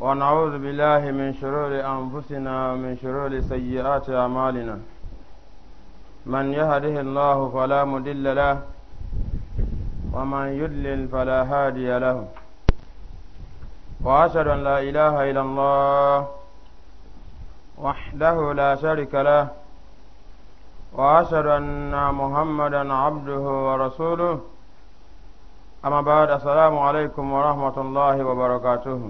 ونعوذ بالله من شرور أنفسنا ومن شرور سيئات أعمالنا من يهده الله فلا مدل له ومن يدلل فلا هادي له وأشهد أن لا إله إلا الله وحده لا شريك له وأشهد أن محمدا عبده ورسوله أما بعد السلام عليكم ورحمة الله وبركاته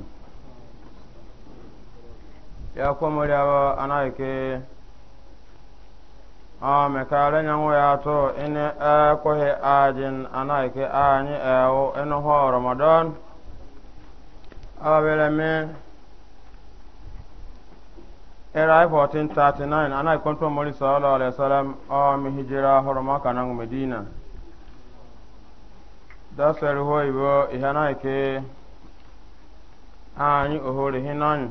ya komori aba anaike a mekara nyanwo ya to ine ekweghị ajin anaike anyị ewu ịnụhụ ramadan ababere mi era 1439 anaghị kwanto mori sallallahu alaihi wasallam o mi hijira hụrụ maka na medina dasari ho ibo ihe anaike anyị ohere hinanyi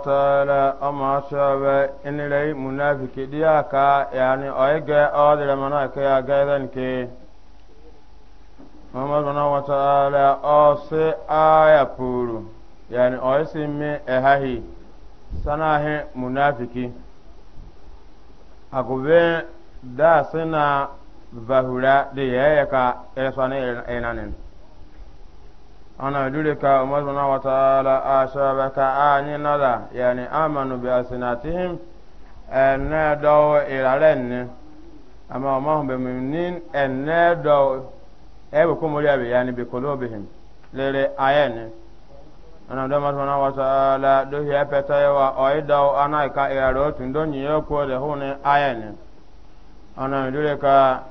wataala ama shabe inilai munafiki diya ka yani oige odire mana ke ya gaidan ke Muhammad bana wataala o se aya puru yani oisi mi ehahi sanahe munafiki agube da sina bahura de yaya ka esane enanin ana dure ka umar bin wa ta'ala ashaba ka ani nada yani amanu bi asinatihim enne do iraren ama ma hum biminin enne do ebe ko mori abi yani bi qulubihim lere ayen ana do umar bin wa ta'ala do ya peta wa oido ana ka iraro tun do nyi ko de hune ayen ana dure ka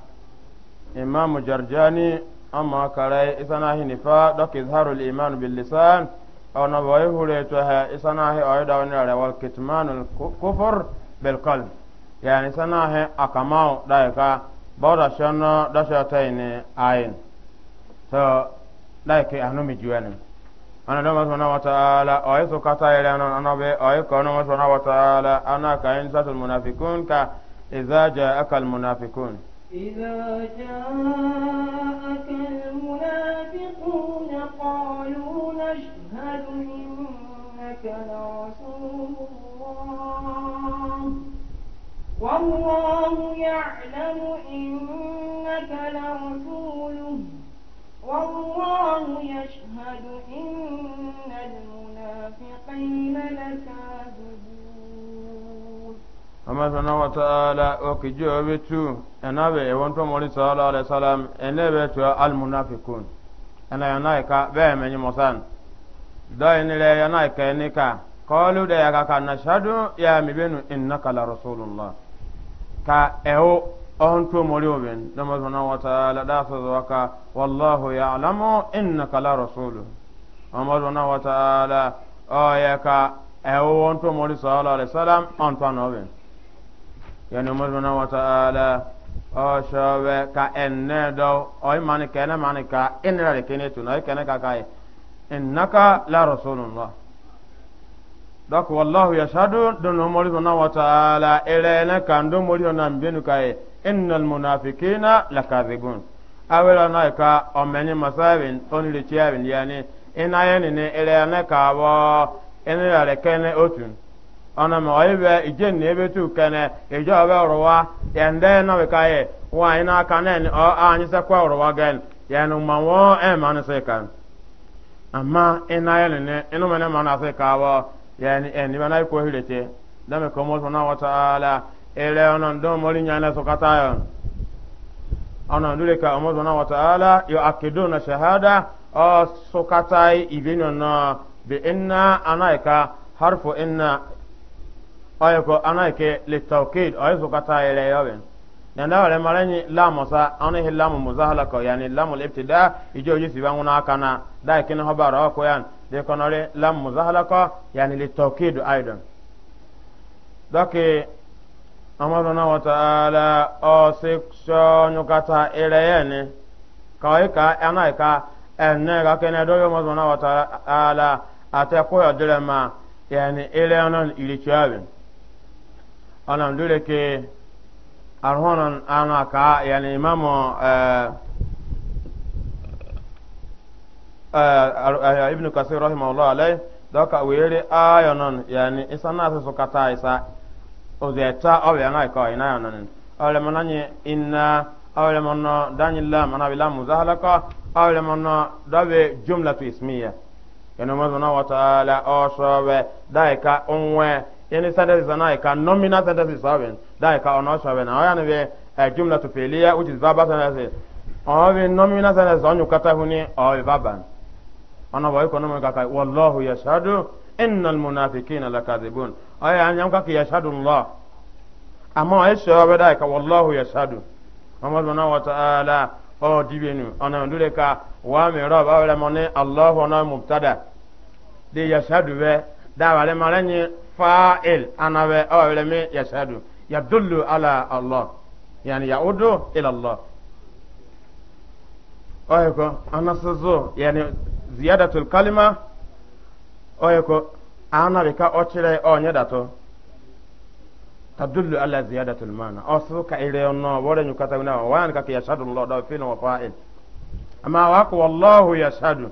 imam jarjani amma kare isana hi nifa dok izharu al-iman bil lisan aw na boy hure to ha isana hi ay da wani rawa kitmanul kufur bil qalb yani sana hi akamau da ka bawda shanno da shataini ayin so da ke anu mi juwanin ana da masana wa ta'ala ay so kata ila nan ana be ay ko na masana wa ta'ala ana ka in zatul munafiqun ka idza ja'aka al munafiqun إذا جاءك المنافقون قالوا نشهد إنك لرسول الله والله يعلم إنك لرسوله والله يشهد إن المنافقين لكاذبون ama sana wa taala o ki jobe tu ana be e wonto mori sallallahu alaihi wasallam ene be tu al munafiqun ana yana ka be me ni mosan da ene le yana ka ene ka qalu da yaga ka nashadu ya mi benu innaka la rasulullah ka e o on to mori o ben da ma sana wa taala da fa waka wallahu ya'lamu innaka la rasulu amma taala o ya ka e o on to mori sallallahu alaihi wasallam on yani mɔzɔnna wata ala ɔsɔbɛ ka ɛnɛ dɔ ɔyi mani kɛnɛ mani ka ɛnɛra de kɛnɛ tun ɔyi kɛnɛ ka k'a ye ɛnaka larɔsɔlɔlɔ donc wallahu yasadu dono mɔzɔnna wata ala ɛrɛnɛ kan do mɔzɔnna bɛnu k'a ye ɛnɛl munafikina lakazibun awɛrɛ n'a ka ɔmɛni masa bɛ tɔni de tiɲɛ bɛ yanni ɛnayɛ nini ɛrɛnɛ ka bɔ ɛnɛra de kɛnɛ o ana ma be ije ne ebe tu kene ije obe ruwa yende na we kaye wa ina kana ni o anyi se kwa ruwa gen yenu ma e ma ni se kan amma ina yele ne inu mene ma na se ka wo yani eni bana ko hilete da me ko mo na wa taala ele onon do mo ri nyana so yo ana ndule ka mo na wa taala yo akiduna shahada o so kata ibinu na bi inna anaika e harfu inna ayo ko ana ke litawkid oye su kata ile yoben dan da wale marani lamu sa ana hi lamu muzahala ko yani lamu ibtida ijo yi si banguna kana da kin habara ko yan de konore lamu muzahala ko yani litawkid aidan doke amadona wa ta'ala o siksho nyukata ile yene kawika ana ka enne ga kene do yo mazona wa ate ko yodire ma yani ile onon ilichawin onan dure ke arhonon ana ka yani imamo eh, eh, eh, ibn kasir rahimahullah alai doka were ayonon yani isana su kata isa ozeta obe na ko ina yonon awle monanye inna awle monno danilla mana bila muzahalaka awle monno dabe jumlatu ismiya yana mazuna wa ta'ala osobe daika onwe yani sentences na ka nominal sentences saben da ka ono saben na yani be jumla to filia which is verbal sentences o be nominal sentences onyu kata huni o be verbal ana boy kono ka ka wallahu yashhadu innal munafiqina lakazibun aya anyam ka yashhadu allah amma ay shabe da ka wallahu yashhadu Muhammad wa ta'ala o oh, dibenu ana ndure ka wa mi rob awle mone allah ona na mubtada de yashhadu be da wale maranye fa'il anawe awele mi yashadu yadullu ala allah yani yaudu ila allah oyeko anasuzu yani ziyadatul kalima oyeko anabe ka ochire onye dato tadullu ala ziyadatul mana osu ka ire no wore nyukata na wan ka yashadu allah da fi no fa'il amma wako wallahu yashadu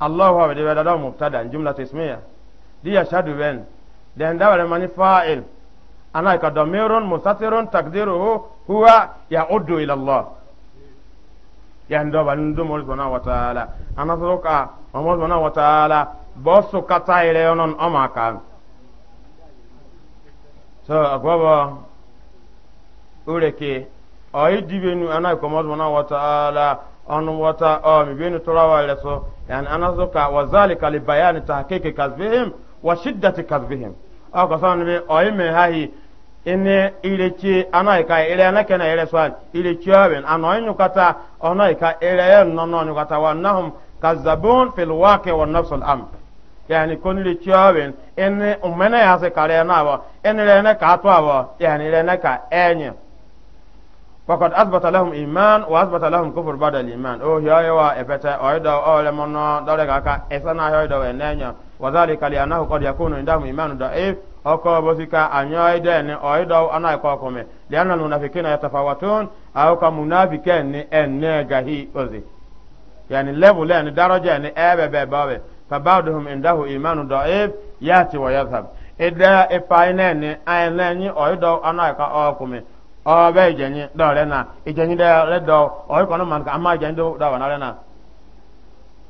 allah wa bi da da mubtada jumla ismiya di yashadu ben den da wala mani fa'il ana ka damirun mustatirun takdiruhu huwa ya'uddu ila Allah yan do ban do mo sona wa ta'ala ana zoka, ka mo sona wa ta'ala bosu kata ile onon o so akwaba ureke oyi dibenu ana ko mo sona wa ta'ala on wata o oh, mi benu torawa leso, so ana zoka, ka wa zalika li bayani tahqiqi kasbihim wa shiddati kadhbihim aw ka san be o ime hahi ene ile chi anai ka ile na kana ile swan ile chi awen anoi nyukata onai ka ile no no nyukata wa nahum kazzabun fil waqi wa nafs al amr yani kon ile chi awen ene umene ya se kare na wa ene le na ka to awo yani le na ka enye فقد أثبت لهم إيمان وأثبت لهم كفر بعد الإيمان أو هي يوا إبتا أيدا أو لمنا دارك أكا إسنا هيدا وإنيا وذلك لأنه قد يكون عندهم إيمان ضعيف أو كبوسيكا أن يدا أن أيدا أنا يكوكم لأن المنافقين يتفاوتون أو كمنافقين أن جهي أزي يعني level أن درجة أن أبى بابى فبعضهم عنده إيمان ضعيف يأتي ويذهب إذا إفاينني أن لني أيدا أنا يكوكم ọbẹ ìjẹnyi dọọrẹ na ìjẹnyi dọọrẹ dọ ọyọ kọnọ mọ nǹkan àmà ìjẹnyi dọọrẹ náà rẹ na.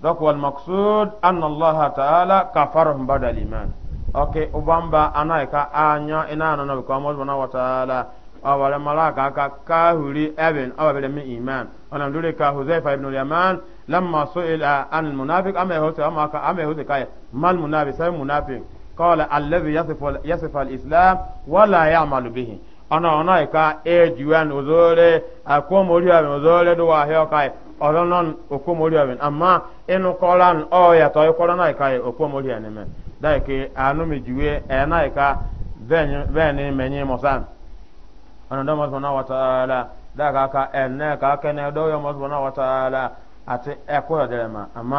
dọkọ maksud anallaha ta'ala kafarahum bada liman ok ubamba anaika anya ina anana bikọ ọmọ ọdún wa ta'ala ọwọlẹ malaka aka kahuri ebin ọwọbẹrẹ mi iman ọnà ndúlẹ ka huzaifa ibn yaman lamma su'ila an munafik ama ehose ama aka ama ehose kaya mal munafik sai munafik kọla alladhi yasifu islam wala ya'malu bihi ọ̀nà ọ̀nà ìka ejuwan ozore akomori ọ̀bìn ozore duwa ahịa ọka ọ̀lọ́nà e, okomori ọ̀bìn amma inu kọ́lan ọ̀yàtọ̀ ikọ́lọ́ náà ìka okomori e, ẹ̀ nìmẹ̀ dáìkì ànúmìjìwé na aka ẹ̀nẹ́ ẹ̀ka akẹ́nẹ́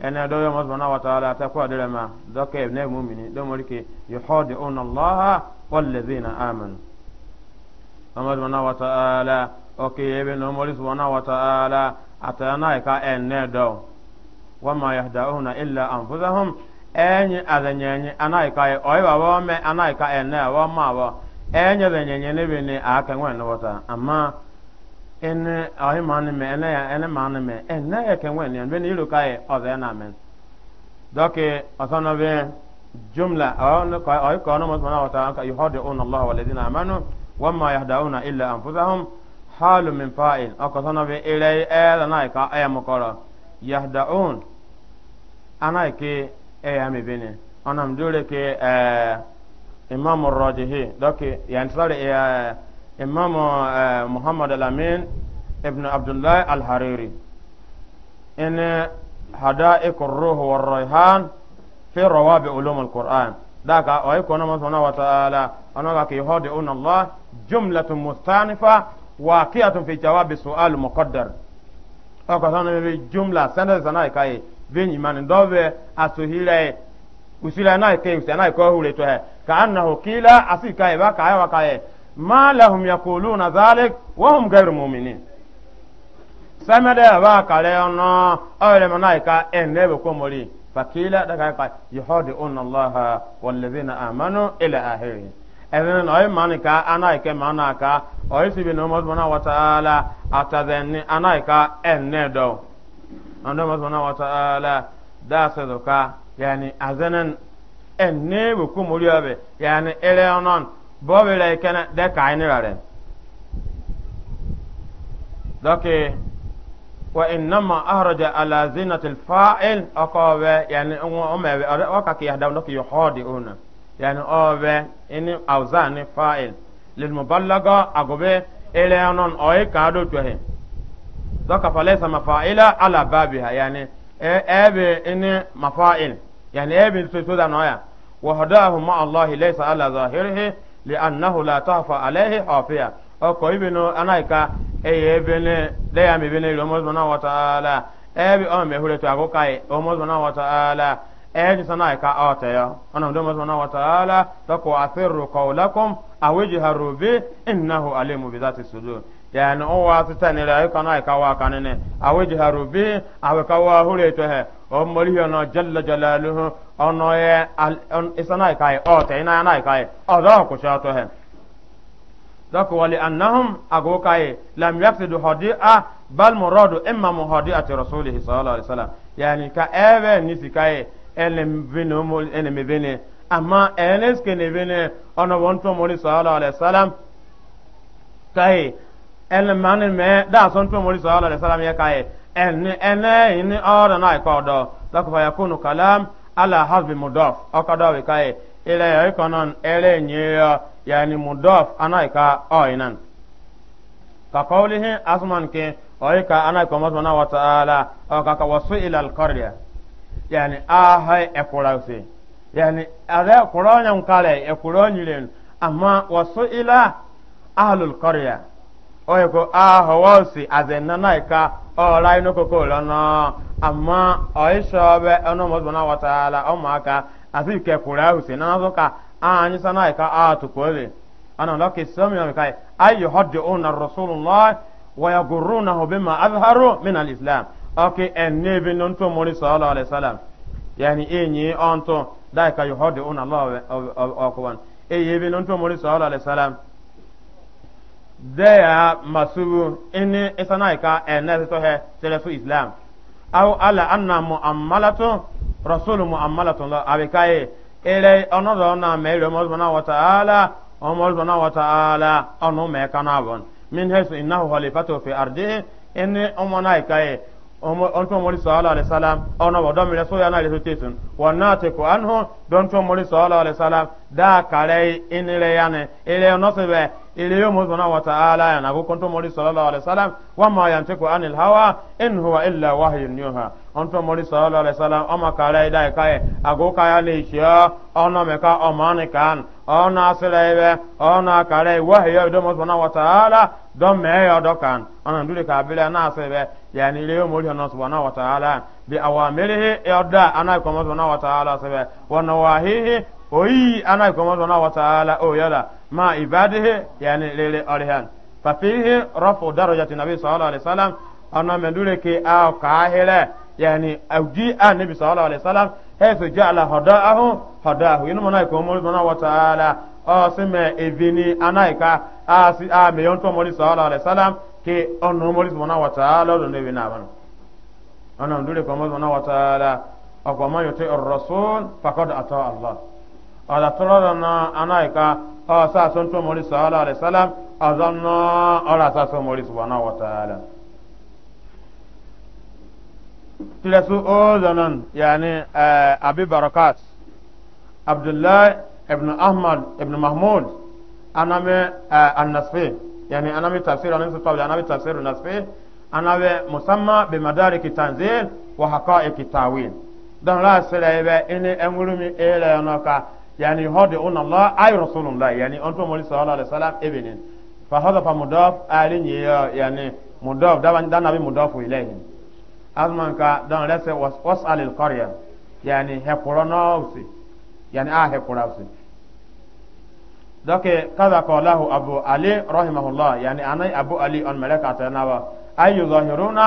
ene do yomo subhanahu wa ta'ala ta ko adere ma do ke ne mu'mini do mori ke yuhadi'una allaha wal ladzina amanu amma subhanahu wa ta'ala o ke yebe no mori subhanahu wa ta'ala atana ka ene do wa ma yahda'una illa anfusahum enyi adanyenyi anaika e oiba wo me anaika ene wo ma wo enyi adanyenyi ne bi ni aka nwen wata amma ene ayi maani mɛ ene ya ene maani mɛ ene yɛ kɛŋwɛ ne bɛ ne yiro ka yɛ e, ɔzɛ na mɛ dɔke ɔsɔnɔ jumla ɔyɔ ne kɔ ɔyɔ kɔ ɔnɔmɔ sɔnna wɔtɔ an ka yɔhɔ de ɔnɔ lɔhɔ wale dina amanu wama yahda ɔnɔ illa anfusahum haalu min fa'il ɔkɔsɔnɔ bɛ ere yi ɛɛ lana yi ka ɛyɛ e, mu kɔrɔ yahda ɔn ana yi ke ɛyɛ e, mi bene ɔnam dure ke ɛɛ eh, imam rɔjihi dɔke yɛn sɔrɔ ɛɛ imam uh, muhammad alamin ibn abdullah alhariri ina hada ikon ruhu wa raihan fi rawa bi ulum alquran daka o iko na masana wa ta'ala anaka ki hodi un allah jumlatun mustanifa waqiyatun fi jawabi su'al muqaddar aka sana bi jumla sana sana kai bin iman dove asuhira usila na kai usana ko hure to he ka annahu qila asika ba ka wa kai ma lahum yaquluna zalik wa hum ghayru mu'minin samede ba kale ono awle manaika enlebe ko mori fakila daga ka yahudi unna allah wal ladina amanu ila ahiri ẹ̀rìn náà ọ̀yìn mánìká anáìkẹ́ mánàká ọ̀yìn síbi ní ọmọdé mọ́nà wọ́tàálà àtàzẹ̀ni anáìká ẹ̀nẹ́dọ̀ ọ̀dọ́ ọmọdé mọ́nà wọ́tàálà dáàsẹ̀dọ̀ká yẹni azẹ́nẹ́n ẹ̀nẹ́bùkún mórí ọbẹ̀ yẹni ẹ̀rẹ́ ọ̀nà bɔbila yi kɛnɛ dɛ kaa ni rare dɔki wa innama ahraja ala zinatil fa'il ɔkɔɔbɛ yani ŋo ɔmɛbɛ ɔdɛ ɔka ki yahdam dɔki yi hɔɔdi ona yani ɔɔbɛ ini awza ni fa'il lilmuballaga agobe eleyanon ɔyi kaa do tɔhi dɔka falaysa mafa'ila ala babiha yani ɛɛbi e, ini mafa'il yani ɛɛbi soso da nɔya wa ma allahi laysa ala zahirihi لأنه لا تخفى عليه خافية ọkọ̀ ibinu anáìka ẹ̀yẹ ebene lẹ́yà mẹ́bẹ́nẹ́ ìlú ọmọdún náà wọ́ta ààlà ẹ̀ẹ́bí ọmọ ẹ̀húrẹ́ tó àkókò ayé ọmọdún náà wọ́ta ààlà ẹ̀ẹ́dì sanáìka ọ̀tẹ̀yọ ọ̀nà ọmọdún náà wọ́ta ààlà tọkọ̀ àfẹ́rù kọ̀ọ̀lákọ́m àwẹ́jì harobe ẹ̀nìnàhó alẹ́ mọ̀bìdá ti sòdò yẹn ó wá títà nílẹ̀ ayíkọ̀ náà ìka wá kan nínú àwẹ́jì harobe àwẹ̀ká wá húrẹ́ tó hẹ̀ ọmọlúhìn náà jẹ́lẹ̀jẹ̀lẹ̀ lóhùn ono ye isana kai o te ina na kai o do ku sha to he ذاك ولأنهم أقوكاي لم يفسدوا هديئة بل مراد إما مهديئة رسوله صلى الله عليه وسلم يعني كأبا نسيكاي ألم بينهم ألم بينه أما أنس كن بينه أنا وانتم مولى صلى الله عليه وسلم كاي ألم من ما دا سنتم مولى صلى الله عليه وسلم يا كاي أن أنا إن أرنا يكادو ذاك فيكون كلام ala hasbi mudaf ọkọdọ bi ka ye ele yọ ikọnọn ẹlẹ nyeyọ yani mudaf ana ka ọyinan ka kọwlihin asuman ke ọyi ka ana ka ọmọ sọmọna wata ala ọka ka wasu ila alkọriya yani aha ẹkura e se yani ada ẹkura ọnyan kare amma wasu ila ahalul kọriya ọyi ko aha wọsi azẹ nana ka ọla inu koko lọnà àmọ ọyíṣọ ọbẹ ọnàmọsọnà wọtaala ọmọaka àti ìkẹkùrẹ àwùsẹ náà sọka àányi sanà ìka àtùkọlẹ ọnà lọkì sọmìnà ìka ayé họdì ọnà rasulillah wọya náà òbí ma azaharu mina islam ọkì ẹni ebi ní ntọ mọrí sọlọ alẹ sálàm yẹni ẹnyí ọntọ dáìka yìí họdì ọnà lọ ọkọ wọn ẹyẹ ebi ní ntọ mọrí sọlọ alẹ deya masubu ini isanaika ene to he selesu islam aw ala anna muammalatu rasulu muammalatu la abikaye ele onodo na mele mo zona wa taala o mo zona wa taala onu me kana bon min hesu innahu khalifatu fi ardihi ini omonaika e onto mori sallallahu alaihi wasallam ono bodo mi rasul yana le sotesun wonna te ko anhu don to mori sallallahu alaihi wasallam da kare inire yane ele ono sebe إليه مزنا وتعالى يعني كنت مولي صلى الله عليه وسلم وما ينطق عن الهوى إن هو إلا وحي يوحى أنت مولي صلى الله عليه وسلم أما كالا إذا كاي أقول كاي ليشيا أنا مكا أماني كان أنا سليبة أنا كالا وحي يدوم مزنا وتعالى دم مهي دوكان أنا ندولي كابلا ناسبة يعني إليه مولي سبحانه وتعالى بأوامره يدى أنا كمزنا وتعالى سبة ونواهيه oyi ana ko mo na wa taala o yala ma ibadihi yani lele orihan fa fihi rafu darajati nabi sallallahu alaihi wasallam ana mendure ke a ka hele yani awji an nabi sallallahu alaihi wasallam haythu ja'ala hadaahu hadaahu yin mo na ko mo na wa taala o sime evini ana ka a si a me yon to mo sallallahu alaihi wasallam ke ono mo na wa taala do ne bina ban ana mendure ko mo na wa taala akwa man yuti ar Allah ala tɔlɔlɔ na ana yi ka ɔ sa sɔn tɔ mɔri sɔɔlɔ alayi salam azɔn nɔ ɔra sa sɔn mɔri subana o zɔnɔn yaani ɛɛ eh, barakat abdullahi ibn ahmad ibn mahmud anamɛ ɛɛ eh, anasfe yaani anamɛ tafsir anamɛ sotɔbi anamɛ tafsir nasfe anamɛ musamman bimadari kitanzil wa haka'i kitawil dɔnku laasere yi bɛ ini ɛnwurumi eere yɔnɔ ka. يعني هذا يهدئون الله أي رسول الله يعني أنتم مولى صلى الله عليه وسلم ابن فهذا فمضاف آلين يعني مضاف ده ده نبي مضاف إليه أزمان كا دان لسه واسأل القرية يعني هكورونا وسي يعني آه هكورا وسي دوك كذا قال له أبو علي رحمه الله يعني أنا أبو علي أن ملك أتناوا أي يظاهرون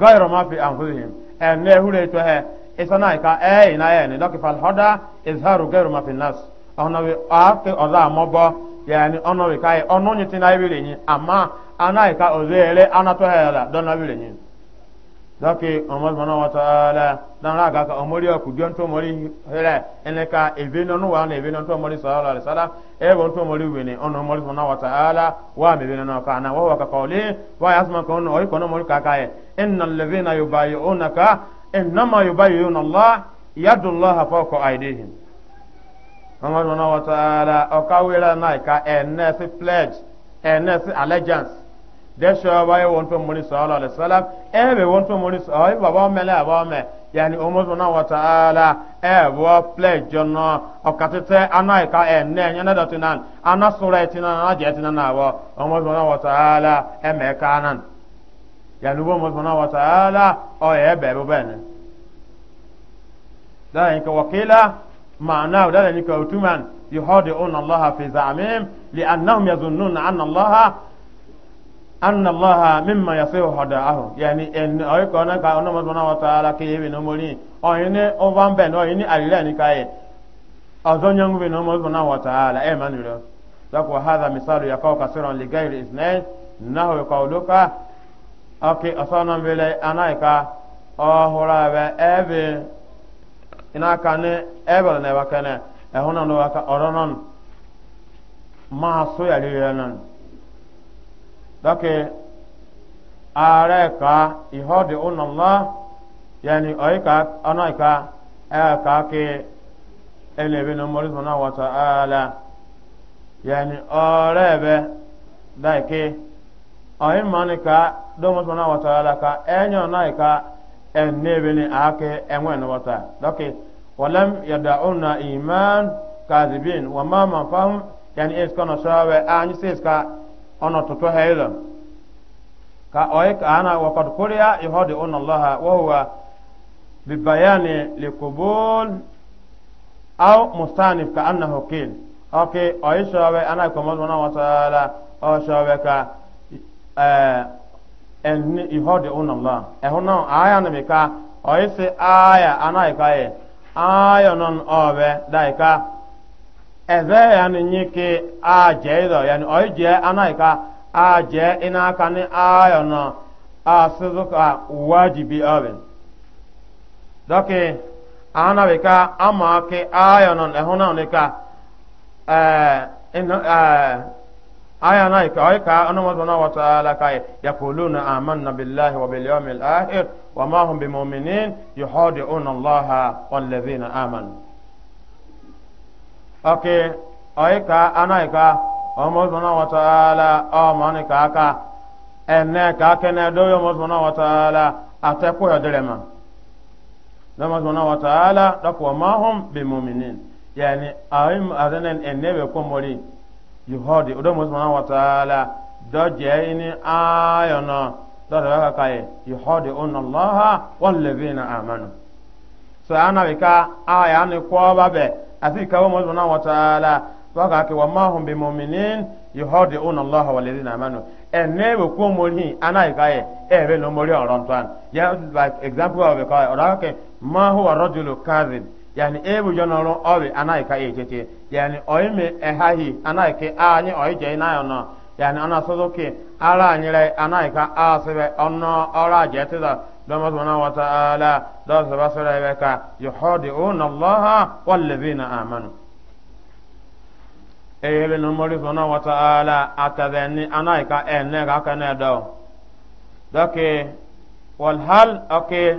غير ما في أنفسهم أنه ليتوه isana ka e ina e ni doki fal hoda izharu gairu ma fin nas ona we afi oza mobo yani ona we kai ono nyiti na ibire ni ama ana ka ozele ana to hela don na ibire ni doki umar mana wa taala dan ra ga ka omori aku dion to mori hele ene ka ebe wa na ebe no to mori sallallahu alaihi wasallam e bon to mori we ni ono mori mana wa taala wa me be no ka na wa wa ka qawli wa yasma ka ono oy kono mori ka ka e innal إنما يبين الله يد الله فوق أيديهم Muhammadu wọn wọ́n tààrà ọ̀káwéra náà ká ẹ̀ẹ́nẹ́ sí pledge ẹ̀ẹ́nẹ́ sí allegiance dẹ́sọ̀ ọba yẹ wọ́n tó múni sọ́ọ́lọ́ alẹ́sọ́lá ẹ̀ẹ́bẹ̀ wọ́n tó múni sọ́ọ́ ẹ̀ bàbá ọmọ ẹlẹ́ àbá ọmọ ẹ̀ yàní Muhammadu wọn wọ́n tààrà ẹ̀ẹ́bọ̀ pledge jọ̀nà ọ̀kàtẹ́tẹ́ aná ẹ̀ka ẹ̀ẹ́nẹ́ ẹ̀yẹ́nẹ́dọ̀tì náà anásùnrẹ̀ tì náà anájẹ́ tì náà wọ́ Muhammadu wọn wọ́n tààrà ẹ̀mẹ́ká náà yanubo mọ̀sánà wata ala ọ̀yẹ̀ ẹ̀bẹ̀ bó bẹ́ẹ̀ ni dára yìí ka wakila ma'ana dára yìí ka otuman yi hodi ọ̀nà allaha fi zamim li annahum ya zunnu na anna allaha anna allaha mimma ya sai hoda ahu yani en ọ̀yẹ̀ ka ọ̀nà ka ọ̀nà mọ̀sánà wata ala ke yẹ bi na mọ̀rin ọ̀yẹ̀ ni ọ̀van bẹ́ẹ̀ ni ọ̀yẹ̀ ni àrílẹ̀ ni ka yẹ ọ̀zọ́ nyẹ́ngu bi na mọ̀sánà wata ala ẹ̀ ma nìyẹn dákò hadha misalu ya kasiran li gairi isnẹ́ nahu ya oke ọsọnọ mbele anaghịkwa ọhụrụ abe ebe n'aka ne ebe na ebe kene ehu na ndụ aka ọrụ nọ ma so ya riri nọ dọkị ara ka ihe dị ụnọ mma yani ọyịka ọnaghịkwa ebe ka ake elebe na mmọrịsọ na wata ala yani ọrụ ebe daike oyin mani ka domo sona wa taala ka enyo nai ka en nebeni ake enwe no wata doki walam yad'una iman kazibin wa ma man fahum yani es kono sawe anyi ses ka ono ka heido ka ana wa qad quriya ihadi unna allaha wa huwa bibayani liqubul aw mustanif ka annahu hukil okay oyi sawe ana komo sona wa taala o sawe ka Eh, en ihode unamla ehuna aya na meka oise aya anaika ye aya non obe daika eze ya ni nyike aje ido ya ni oije anaika aje ina aka ni aya no asizuka wajibi obe doki ana beka ama ke aya non ehuna nika eh, eh aya na ka ay ka anu subhanahu wa ta'ala ka yaquluna amanna billahi wa bil yawmil akhir wa ma hum bimu'minin yuhadi'una allaha wal ladhina amanu okay ay ka ana ka omo subhanahu wa ta'ala o mani ka ka enne ka ke ne do yo subhanahu wa ta'ala atepo yo dilema na subhanahu wa ta'ala dakwa ma hum bimu'minin yani ayim azanen enne be ko mori yuhodi odo musman wa taala do jeini ayono do do ka kai yuhodi on allah wal ladina amanu so ana we ka aya ni ko ba be asi ka wa musman wa wa ka ke wa ma hum bi mu'minin yuhodi on allah wal ladina amanu ene we ko mori ana we ka e e be no mori oron tan ya like example of ka ora ke ma huwa rajulu kadhib yani ebu jonoro obi anai ka ejete yani oime ehahi anai ke anyi oije na ono yani ana sozo ke ara anyire anai ka asebe ono ora jete da domo subhana wa ta'ala do saba sura ibeka yuhadiuna allaha wallazina amanu eyebe no mori subhana wa ta'ala atadeni anai ka enne ka kana doke wal hal okay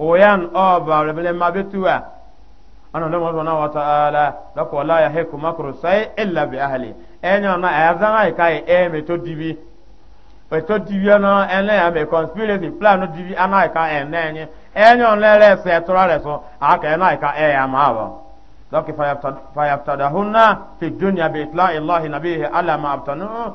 oyan oba rebele mabetuwa ana da mazo na wata ala da ko la ya heku makru sai illa bi ahli enya na azana kai e me to dibi e to dibi na ene ya me conspiracy plan no dibi ana ka ene enye enya na re se tora re so ka ena ka e ya ma ba doki fa yaftadahunna fi dunya bi itla'i allah nabihi ala ma abtanu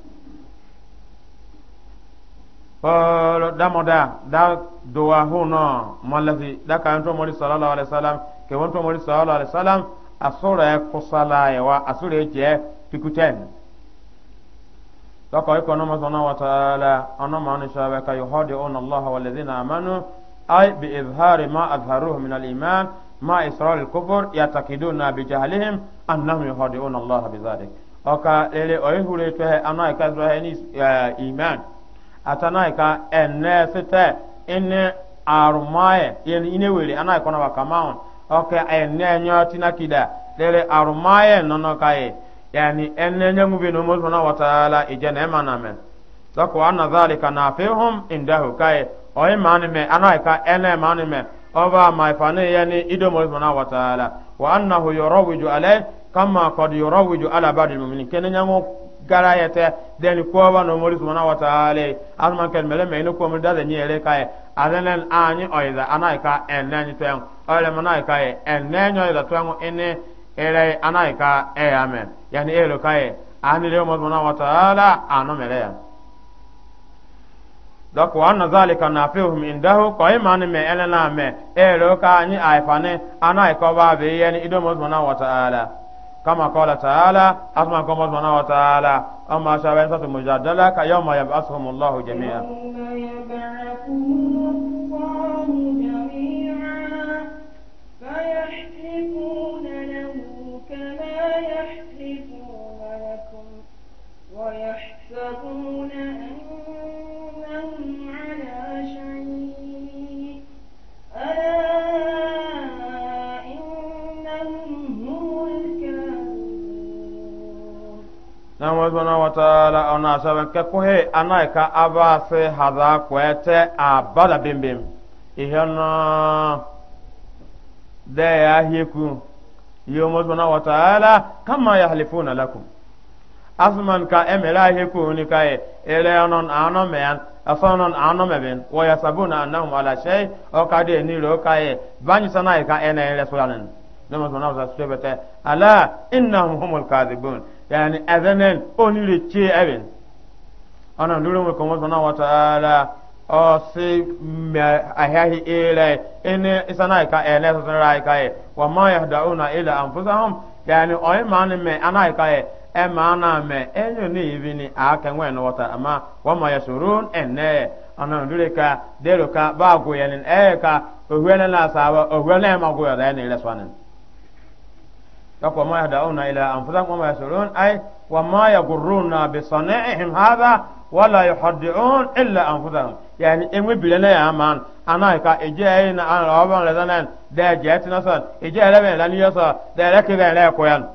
قال دمودا دا دوا هنا مالذي دا كان تو مولى صلى الله عليه وسلم كون تو مولى صلى الله عليه وسلم اسورا يقصلا يوا اسورا يجي تكوتين تقول يكون ما صنع وتعالى أنا ما نشابك يهادئون الله والذين آمنوا أي بإظهار ما أظهروه من الإيمان ما إسراء الكفر يعتقدون بجهلهم أنهم يهادئون الله بذلك أوكا إلي أيهولي تهي أنا إكاسوهي آه، إيمان atana ka enne sete ene arumaye yani ine wele ana ikona bakamaon oke enne nyoti nakida lele arumaye nono kaye yani ene nyangu bino mo subhanahu wa ta'ala ijana manamen zako ana dhalika nafihum indahu kaye oyi mani me ana ene mani me oba maifane yani ido mo subhanahu wa ta'ala wa annahu yurawiju alai kama qad yurawiju ala ba'd al-mu'minin kene nyangu kara yete den ko ba no mori subhanahu wa ta'ala asman kan mele me ko mi da nyere kai adenen anyi oiza anaika enen ten ole enen ene ere e amen yani kai ani le mo wa ta'ala mele ya dɔk wa na zalika كما قال تعالى أسمع كما سبحانه وتعالى أما شابين سات المجادلة كيوم يبعثهم الله جميعا يوم يبعثهم الله جميعا فيحلفون له كما يحلفون لكم ويحسبون na mwazona wataala ona asaben ke kuhe anai ka abase hadha kwete abada bimbim ihana de ya hiku yo mwazona wataala kama yahlifuna lakum asman ka emela hiku ni kai ele anon anon meyan asanon anon meben wa yasabuna annahum ala shay o kade ni ro kai banyi sanai ka ene resulanen nemo mwazona wataala ala innahum humul kadhibun yani azenen onire che even ana lulu mo komo sana wa taala o ọrụ ahahi ila ene isana ka ene sana ka na wa ma yahdauna ila anfusahum yani o ma ne me ana ka e e na me enyo ne ibini aka nwe na wata ama wa ma yashurun enne e. ana lulu ka dero ka ba go yani e ka ohwe na na sawa na ma go ya ne le yako ma yadauna ila anfusahum wama yasurun ay wama yagurruna bisanaihim hadha wala yuhaddiun illa anfusahum yani enwe bilene ya man ana ka eje ay na an roban le zanan da je tina san eje ele ben lan yosa da le ke ben ko yan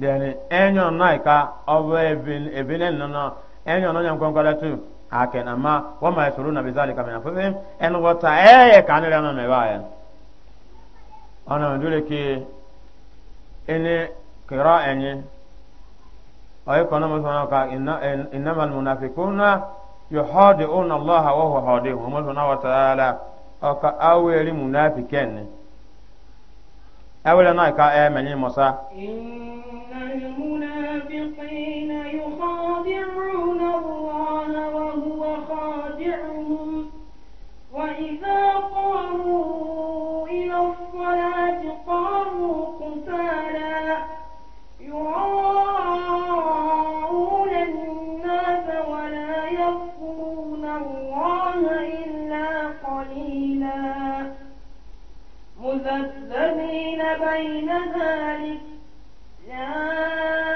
yani enyo na ka owe bin ebinen no no enyo no nyam konkora tu aken ama wama yasuruna bizalika min anfusihim en wata ay kanele no ne bayan ana ndule ke ene kira enyi ay kono mo sona ka inna al munafiquna yuhadi'una allaha wa huwa hadihum mo sona wa ta'ala aka ka aweri munafiqen awela na ka e menyi mosa innal munafiqina yuhadiuna يراءون الناس ولا يذكرون بين ذلك لا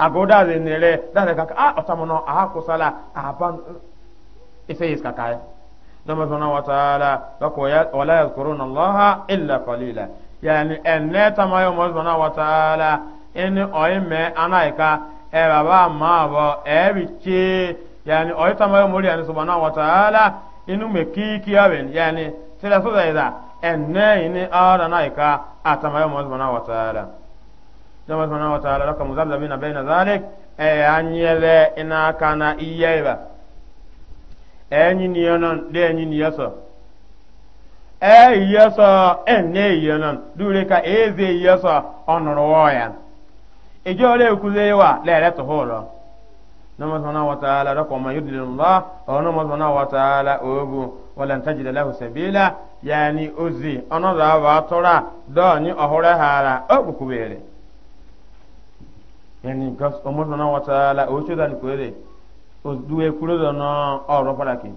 agoda de nere da de kaka ah otamono aha kusala ah ban ife is kaka nama zona wa taala lako ya wala yazkuruna allah illa qalila yani enne tamayo mo zona wa taala en oime anaika e baba ma bo e bichi yani oy tamayo muri yani subhanahu wa taala inu mekiki aben yani tira so da ene ini ara naika atamayo ah, mo zona wa taala jama subhanahu wa ta'ala laka muzabzabina baina zalik e anyele ina kana iyeba enyi ni yonon de enyi ni yaso e yaso enne yonon dure ka eze yaso onoro woya ijo le kuze wa le re to holo nama subhanahu wa ta'ala laka ma yudlilullah wa nama subhanahu wa ta'ala ogu walan tajid lahu sabila yani ozi ono da wa tora do ni ohore hara okukubere yani gas omo na wata la o choda ni kwere o duwe kuro do no oro paraki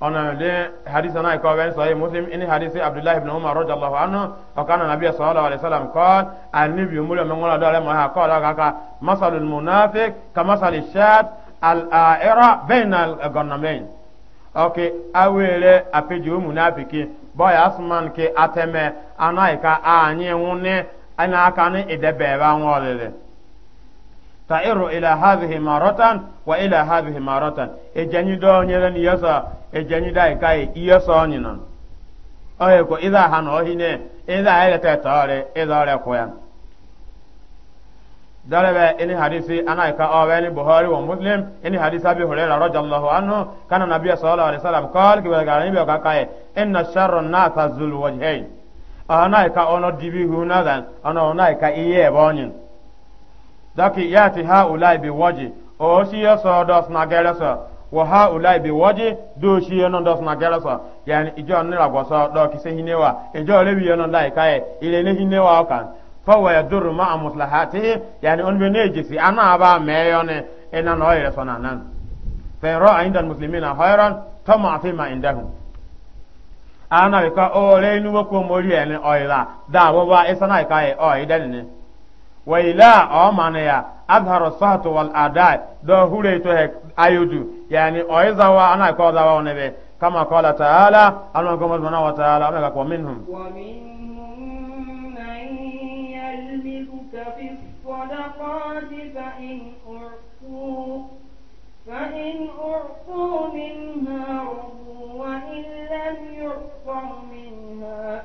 ona le hadisa na ko ben sahih muslim ini hadisi abdullah ibn umar radhiyallahu anhu wa kana nabiy sallallahu alaihi wasallam qal annabi umul man wala dole ma ha qala kaka masalul munafiq kama salil shat al aira baina al ghannamain okay awere apeju munafiki boy asman ke ateme anaika anyi wune ana aka ni idebe ba nwolele ta'iru ila hadhihi maratan wa ila hadhihi maratan ejanyi do nyelen yasa ejanyi dai kai yasa nyinan aye ko idha han ohine idha ile ta tare idha re ko yan dalaba ini hadisi ana ka awani buhari wa muslim ini hadisi abi hurairah radhiyallahu anhu kana nabiy sallallahu alaihi wasallam qala ki bagani be ka kai inna sharra an-nas zul wajhain ana ka ono dibi hunadan iye bonin daki ha haulai bi waje o shi so dos na geresa wa haulai bi waje do shi yonon dos na geresa yani ijo ni ragoso do hinewa ijo lebi yonon dai kai e, ile ne hinewa kan fa wa yadur ma muslahatihi yani on be ne jisi ana ina no ire nan fa ra inda muslimina tama fi ma indahum ana o le nu ko ene da wa wa isana kai o waila o mana ya azharu sahatu wal adai do hure to he ayudu yani oizawa ana ko zawa onebe kama qala taala alma ko subhanahu wa taala ameka kwa minhum wa minhum man yalmizuka fi sadaqati fa in urfu fa in urfu minha wa in lam yurfu minha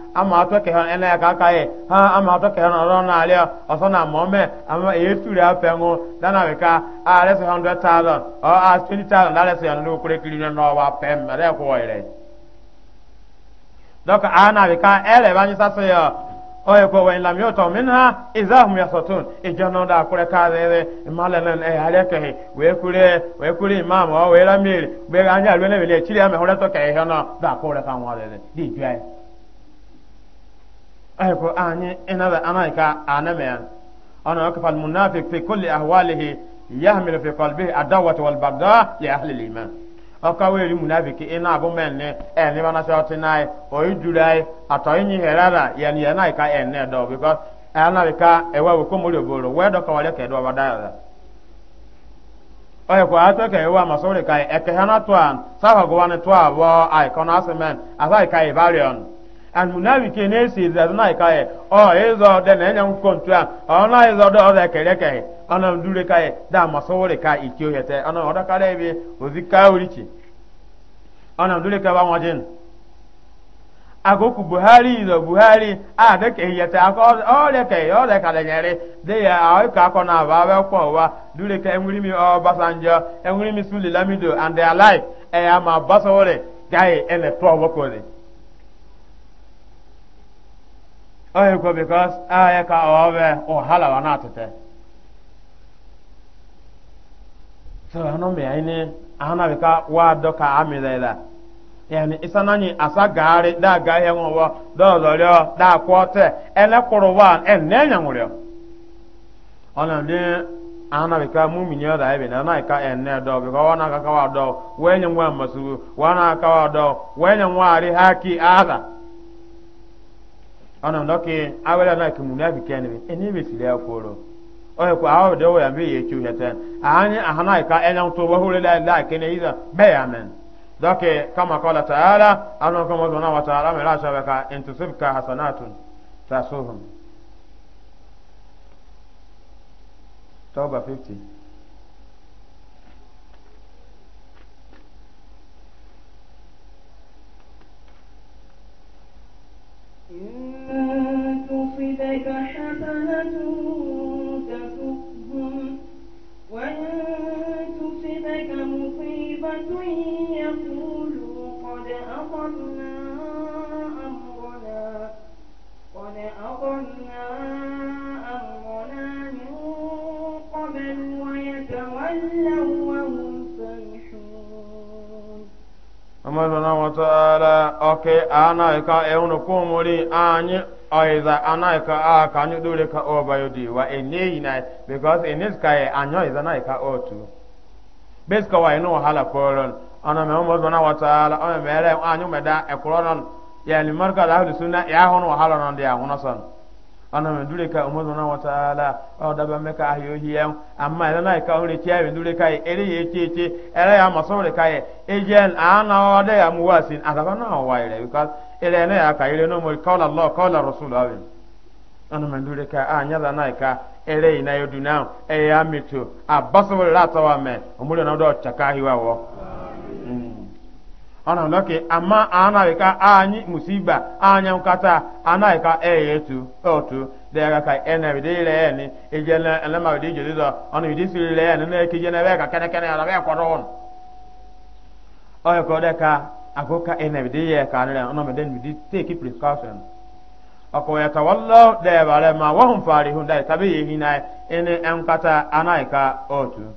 ama atɔ kɛhɛn ɛnɛ ya kaka ye ha ama atɔ kɛhɛn na mɔmɛ ama e a yɛrɛ sɛ hundred thousand a twenty thousand kiri ne wa pɛm ɛrɛ kɔ yɛrɛ a na bi ka ɛrɛ e b'a nyisa sɛ yɛ ɔyɛ e kɔ wɛn lam yɔtɔ min ha iza hum ya sɔtun ijɛ nɔ da kure ka rɛrɛ ma lɛ nɛ ɛ ale kɛhɛ kure kure hundred da ka ay ko anyi ina da anai ka anameyan ana ka fal munafiq fi kulli ahwalihi yahmilu fi qalbihi adawat wal bagda li ahli al iman aka weri munafiki ina abu menne e ni bana shoti nai o idurai ato yin herara yan yanai ka enne do because ana ka ewa ko muri oboro we do ka wale ke do wadaya oye ko ato ke ewa masore kai e ke hana tuan safa go wane tuwa wo ai kona semen asai kai barion and munafiki na-esi izazu na ye ọ ịzọ dị na enye nkwụkwọ ntu a ọ na ịzọ dị ọdọ ekele ọ na ndure ka ye da masọwụrị ka ike ọdọkara ebe ozi ka orichi ọna ndure ka ba agoku buhari izo buhari a dị ka ọ dị ka ihe dị ka dị ya ka akọ na aba abịa kwa ụwa dure ka enwere basa njọ enwere sulilamido and their life oye ko because aye ah, ka owe o halawa na tete so ano me aine ana bika wa doka amilela yani isanani asa gari da ga he won wo do loryo da kwote ele kuru wa en ne nyanwuryo ona de ana bika mumini na na ka en ne do na ka ka wa do we masu wa na ka wa do we haki ana ndoke awela na ke munafiki ni eni be sile akoro oye ko awo de ya be yechu yeten ahanye ahana ka enya to wa hore la la ke ne iza be amen doke kama qala taala ana kama zona wa taala me la shabaka intusibka hasanatun tasuhum tauba 50 إن تصبك حسنة amazana ara oke ana ka euno komori anyi oiza ana ka a ka anyi dole ka o bayodi wa enei na because enes ka e anyo iza na ka o tu bes ka wa ino hala koron ana me amazana wataala o me mere anyu meda ekronon ya limarka da hulu sunna ya hono hala non dia hono son ana me dure ka umu zona wa taala o da ba me ka ahi a hiya amma ila na ka ore tiya me dure ka ere ye cheche ere ya masore ka ye ejen ana o da ya muwasin na wa ire because ere ya ka ire no mo allah rasul ka anya da na ka ere ina yo duna e ya mitu abaso me umule na do wo na lọkị ama anaghị ka anyị musiba anya nkata anaghị ka eye etu otu dịga ka enebi ire eni ije elema dị ije ọnụ ije siri ire eni na-eke ije n'ebe ka kene kene ala kwọrọ ọnụ ọyọ ka ọ ka ka e ya ka ọnụ mede ndị teki ọkụ ya ma hụ tabi ya ehi na e nkata anaghị ka otu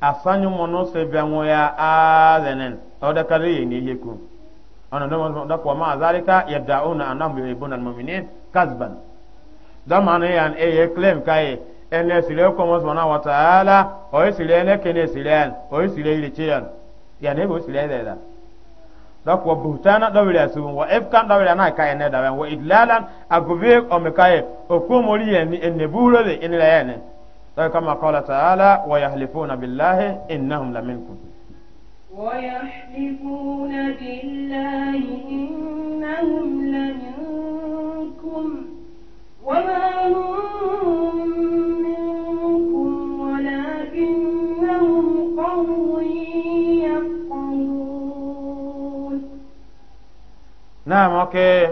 asanyu mono se vengo ya azenen oda kare ye ni yeku ana da da kwa ma zalika yad'una annahum yuhibbuna kazban da yan e claim kai ma sile ko mo sona wa taala o sile ne kene sile o sile ile ya ne bo sile da da kwa buhtana da wile wa da wile na kai ne da wa idlalan agubi o me kai o ko mori ye ni la طيب كما قال تعالى ويحلفون بالله إنهم لمنكم ويحلفون بالله إنهم لمنكم وما هم منكم ولكنهم قوم يفقهون نعم أوكي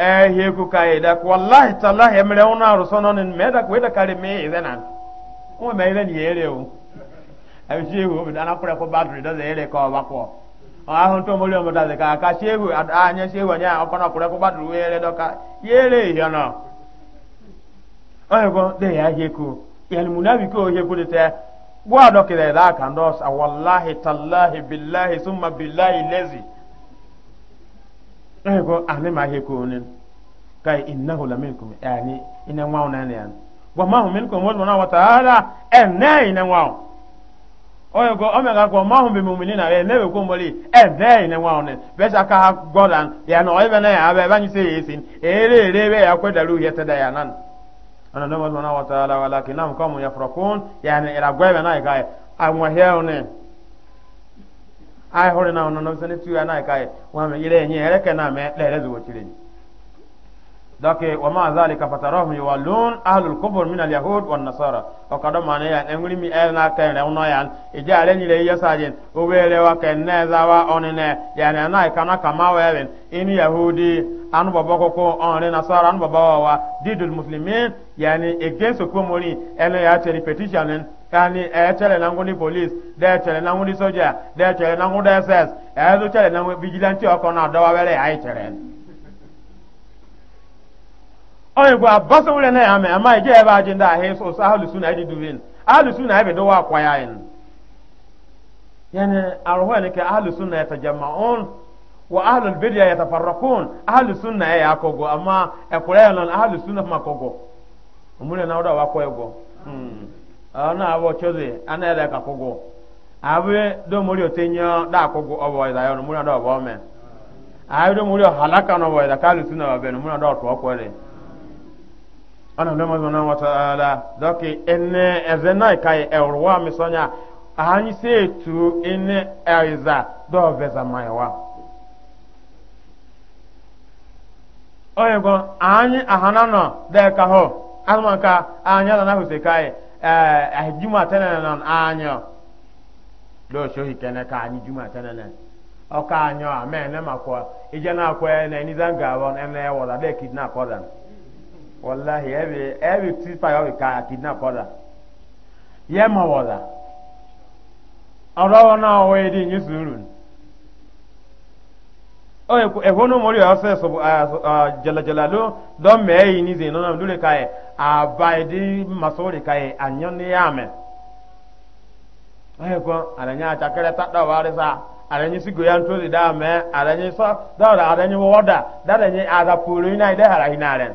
اي ku kaida wallahi tallahi emre una rusonon medak weda kare kuma mai zan ere o a bi shehu bi dana kure ko battery da zai yere ko ba ko a hun ka a anya shehu nya o kono kure ko ya na ayo ya ye ko yal munabi ko Talahi Bilahi Bilahi a wallahi tallahi billahi summa billahi Ka ị gwamahu minkum wa subhanahu wa ta'ala ene ine wao oyo go ome ga gwamahu bi mu'minina we newe ko moli ene wao ne ka ebe e e na e ya ba ba ni se yesin ere ere ya ya tada na ga anwa heo ne ai na no na ga wa na me dake wa ma zalika fatarahum yawallun ahlul kufur min al yahud wan nasara o kada mane ya engri mi e na kan re uno yan ije ale ni le yasaje o wele wa ken ne za wa onene ya na na kana kama wele in yahudi an baba ko ko on re nasara an baba wa didul muslimin yani against ko moni ele ya teri petition kani e chere na nguni police de chere na nguni soldier de chere na nguni ss e zo chere na vigilante o ko na dawa wele ai chere onye gwa abasa wure na ya mee ama ije ebe aji ndị ahụ ịsụ ụsụ ahụlusu na ejidurin ahụlusu na ebe dowa akwa ya yin yani arụhụ na wa ya akogo ya na makogo umure na oda wako ego na hmm. ana abo choze ele ka kogo abe do muri otenyo da akogo na obo me ayo do muri na obo no na otu ana ndo mazana wa ta'ala doki enne ezenai kai eurwa misonya ahanyi se tu enne eiza do veza maiwa oye go ahanyi ahanano de ka ho azman ka anya na huse kai eh ajuma tenene non anyo do shohi kene ka anyi juma tenene o ka anyo amen na makwa ije na akwa na ni zanga won enne wala de kidnap odan wallahi every every trip I have car kidnap other. Yeah, my water. Ọ̀rọ̀ náà wọ èdè yín sùúrù. Ó ẹ̀kọ́ ní mọ̀rí ọ̀sẹ̀ jẹlẹjẹlẹ ló dọ́mẹ̀ ẹ̀yìn ní ìzìn náà lórí ka ẹ̀ e, àbá èdè e masóòrì ka ẹ̀ àyàn ní àmẹ̀. ya me e ada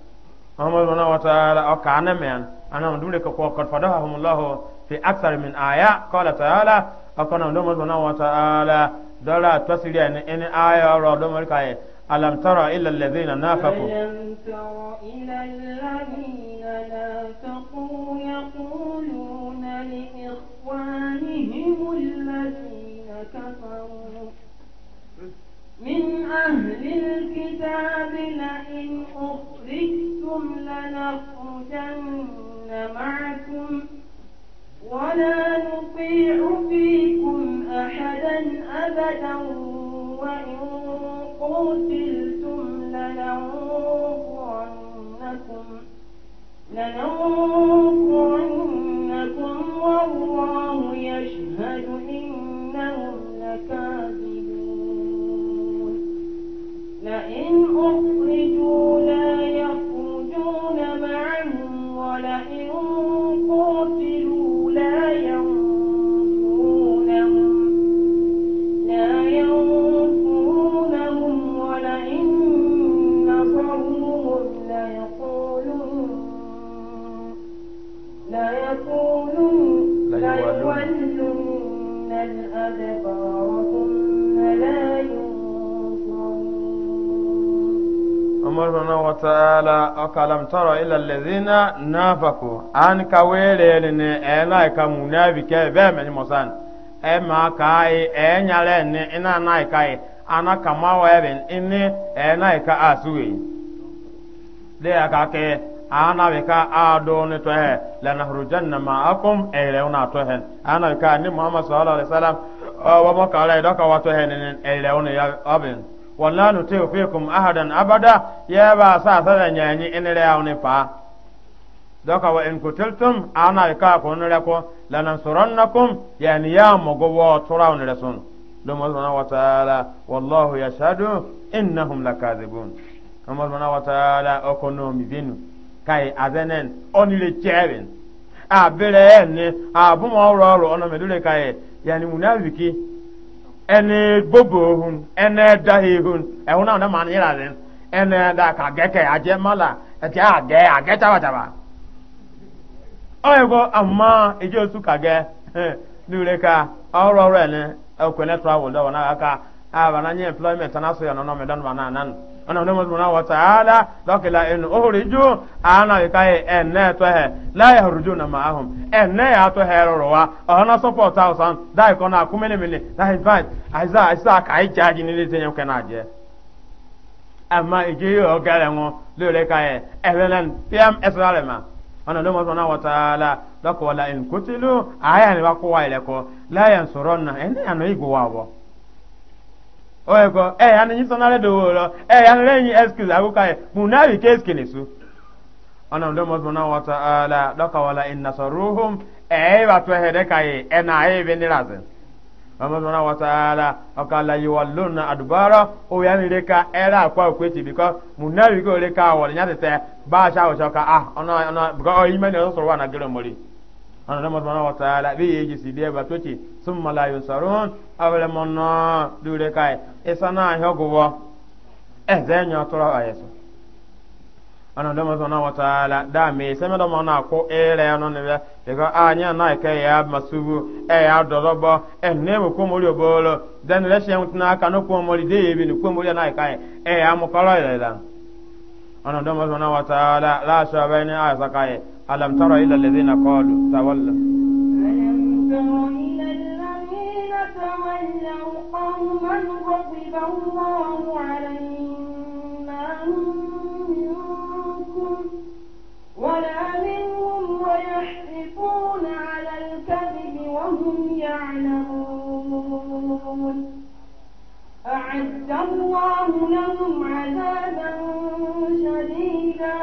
محمد بن وتعالى أو كعنم أنا من دولك وقد فضحهم الله في أكثر من آية قال تعالى أكنا من دولك وتعالى دولا تسلي أن إن آية رضو ألم ترى إلا الذين نافقوا ألم ترى إلى الذين نافقوا من أهل الكتاب لئن أخرجتم لنخرجن معكم ولا نطيع فيكم أحدا أبدا وإن قتلتم لننصرنكم لننصرنكم tọrọ ilalezina nafaku an ka weerere e e ni ɛla ka munafike bɛɛ mɛ ni musan ɛ e ma ka ye ɛ nyalɛ ni ina na ka ye ana kama wɛrin ini ɛ na ka asuwe de ya ka kɛ ana bi ka a dɔɔni tɔhɛ lanahurujan na ma akom ɛrɛw na tɔhɛ ana ka ni muhammadu sallallahu alaihi wa wa ma ka ala ye ka wa tɔhɛ ni ɛrɛw ni ya ɔbɛn wala nutiu fikum ahadan abada ya ba sa sa da nyanyi inire ya ne fa doka wa in kutiltum ana ka ko nure ko lanansurannakum yani ya mogo wo tura nure sun domo subhanahu wa ta'ala wallahu yashhadu innahum lakadhibun domo subhanahu wa ta'ala okonomi binu kai azenen onile cheren abere ne abumo oro oro ono medure kai yani munafiki ene gbogbo ohun ene dahi hun ehun na ma yira den ene da ka geke aje mala ati age age tawa tawa oyego amma eje osu ka ge nure ka ọrụ ọrụ ene ekwene travel dọwa na aka a bana nye employment na so ya ana ne mazmuna wa ta'ala dakila in uhriju ana kai enne to he la yahrujuna ma'ahum enne ya to he rowa ona support house an dai kona kumene mele la invite aiza aiza kai jaji ni le nyam kana je amma ije yo gare ngo le le kai evelen pm esralema ana ne mazmuna wa ta'ala dakwa la in kutilu aya ni wa ko wa ile ko la ya enne ano igwa wa oye eh, eh, ko e ya ni sona le do ro e ya le ni ke excuse su ana ndo mo bona wa taala daka wala in nasaruhum e eh, wa to he de kai e na e be ni razin ama bona la yuwalluna adbara o ya ni le ka era kwa kweti biko munabi ko le ka wala nya tete ba sha o shoka ah ona ona biko o imani so wa na gelo mori ana ndo mo bona wa taala bi yeji si sun la yusarun awele monno dure kai isana hyogowo eze eh, nyo toro wa taala da me seme domo na ko ere no ne na e ya dorobo e ne mo ko mori obolo den le shen tna aka no ko mori de yebi ni na kai e ya mo na ere da ana domo zona wa taala la shabaini asakaye alam تولوا قوما غضب الله عليهم منكم ولا منهم ويحلفون على الكذب وهم يعلمون أعد الله لهم عذابا شديدا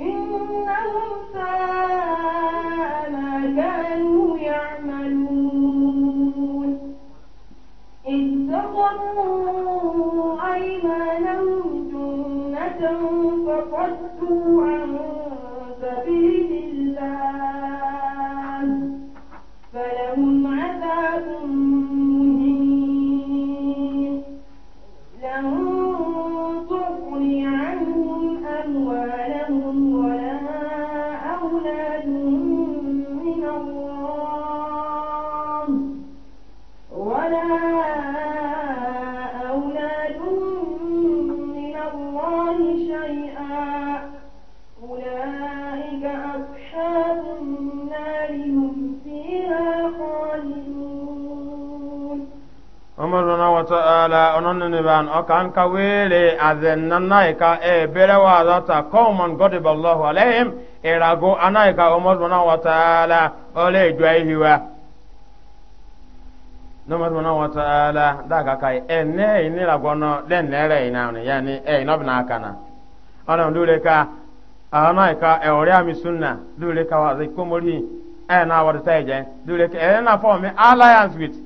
إنهم ساء ما كانوا اتخذوا أيمانهم جنة فصدوا عن ta'ala onon ne ban o kan ka wele azen nanai ka e bere wa zata qauman ghadiba Allah, alaihim irago anai ka o mosbana wa ta'ala ole jwai hiwa no mosbana wa ta'ala da ka kai ene ni rago no den nere ina ne yani e no bna kana ona dule ka anai ka e ore ami sunna dule ka wa zai komori e na wa ta je dule ka e na form alliance with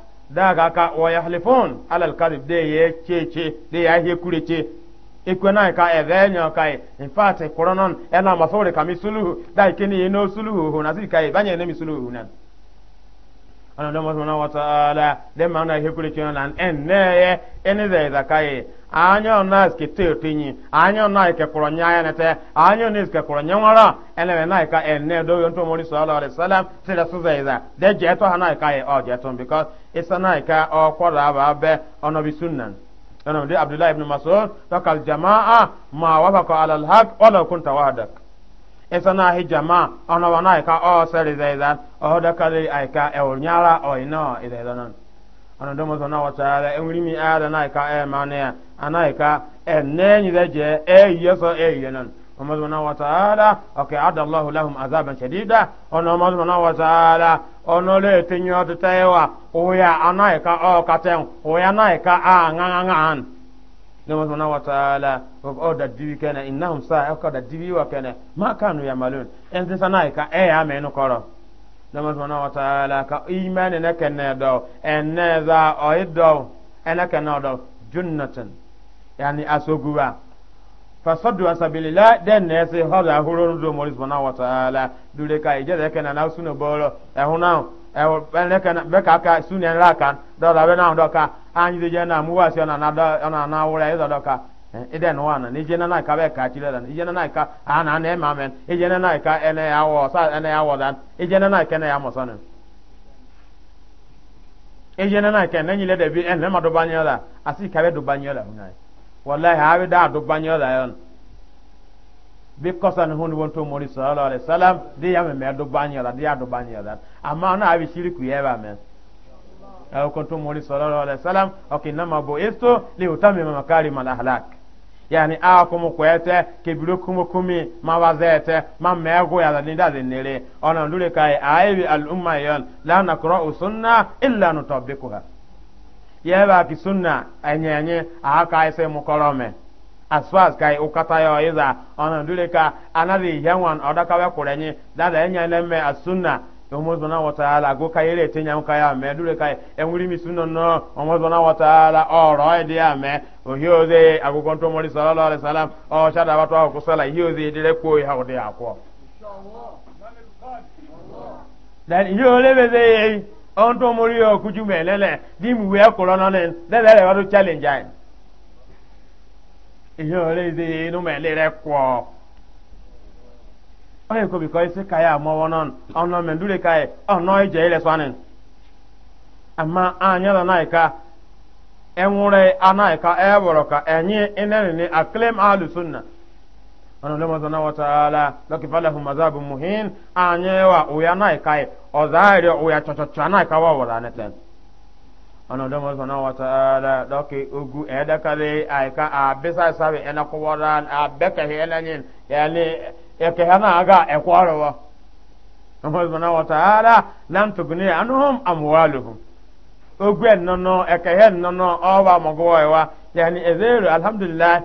daga ka wa yahlifun alal kadhib de ye cheche de ya he kureche ikwena ka evenyo ka in fact e koronon ela masore kami suluhu da kini no suluhu ho na zika e, banye ne misuluhu na ana da masona wa ta'ala de mana he kureche na en ne ye ene da zakai e anya na ske te tinyi anya na ke koro nya ya nete anya na ske koro nya wara ele na ka enne do yo nto mori sallallahu alaihi wasallam se da suza iza de je to hana ka e o je to because isa na ka o kwara ba be ono bi sunnan ono de abdullah ibn mas'ud takal jamaa ma wafaqa ala alhaq wala kunta wahdak isa na hi jamaa ono wa na ka o se iza iza o da ka le e o nyara o ino iza iza non ana ndị mọsọ náà wọtaara enwere imi ara náà na ẹ e, e, e, ma ne ya ana na ẹ nẹẹnyi dẹ jẹ eyiye sọ ẹ na nan ọmọdé náà ọka ọkẹ lahum azaban shadida ọnà ọmọdé na wọtaara ọnà na tẹnyẹ ọtí tẹyẹ wa òya ọ ka a ŋaŋaŋaŋ ndo mọsọ ọ da dibi da dibi wa na ka dama sɔnna wa taala ka imani ne kɛnɛ dɔw ɛnɛ za ɔye dɔw ɛnɛ kɛnɛ dɔw junnatan yani asoguba fasadu asabilila den ne se hɔla hurun do mori sɔnna wa taala dule ka ije de kɛnɛ na sunu bɔlɔ ɛhuna e ɛwɔ e ɛnɛ e kɛnɛ bɛ ka ka sunu ɛnɛ la kan dɔw la bɛ na dɔ ka anyi de jɛ na mu se ɔna na dɔ ɔna na wura ye dɔ ka Eh, ide na wana nije na nai ka be ka chile dan ije na nai ka ana na ema men ije na nai ka ene ya wo sa ene ya wo dan ije na nai ka ne ya mo sonu ije na nai ka ne nyile de bi eh, ene ma do banyola asi ka be do banyola hunai wallahi ha be da do banyola yon bi kosan hun won to mori sallallahu alaihi salam di ya me do banyola di ya do banyola ama na ya ebe abi shiriku yeba men أو كنتم مولى صلى الله bụ وسلم أو كنما بوئستو لأتمم مكارم الأخلاق yani a ah, kuma kwete ke biro kuma kumi ma wazete ma mego ya da da zinere ona ndure kai aibi al umma yon la nakra sunna illa nutabbiquha ya ba ki sunna anyenye a ka ise mukorome as far as kai ukata yo iza ona ndure ka anadi yanwan odaka we kurenye da da enye lemme as sunna omozona wataala go kayele tenyam kaya me dure kay enwuri misuno no omozona wataala oro edi ame ohioze agukonto mori sallallahu alaihi wasallam o shada watu wa kusala hioze dire ko ya odi akwo dan yo lebeze yi onto mori yo kuju melele dim we akoro no nen lele wa do challenge ai yo lebeze yi no melele ko oye ko biko isi ka ya mọwọ nọn ọnọ mendure ka ya ọnọ ije ile swanin amma anyị ọ na ka enwure ana ka eworo ka enyi inani ni acclaim sunna ana lema zana wa ta'ala lakifalahu mazhabun muhin anya ah, wa uya na ka na ka wa wala neten ana lema ta'ala يكي أنا أغا إقواروا الله سبحانه وتعالى لم تغني عنهم أموالهم ogbe nnono ekehe nnono ọba mọgọwa iwa yani ezeru alhamdulillah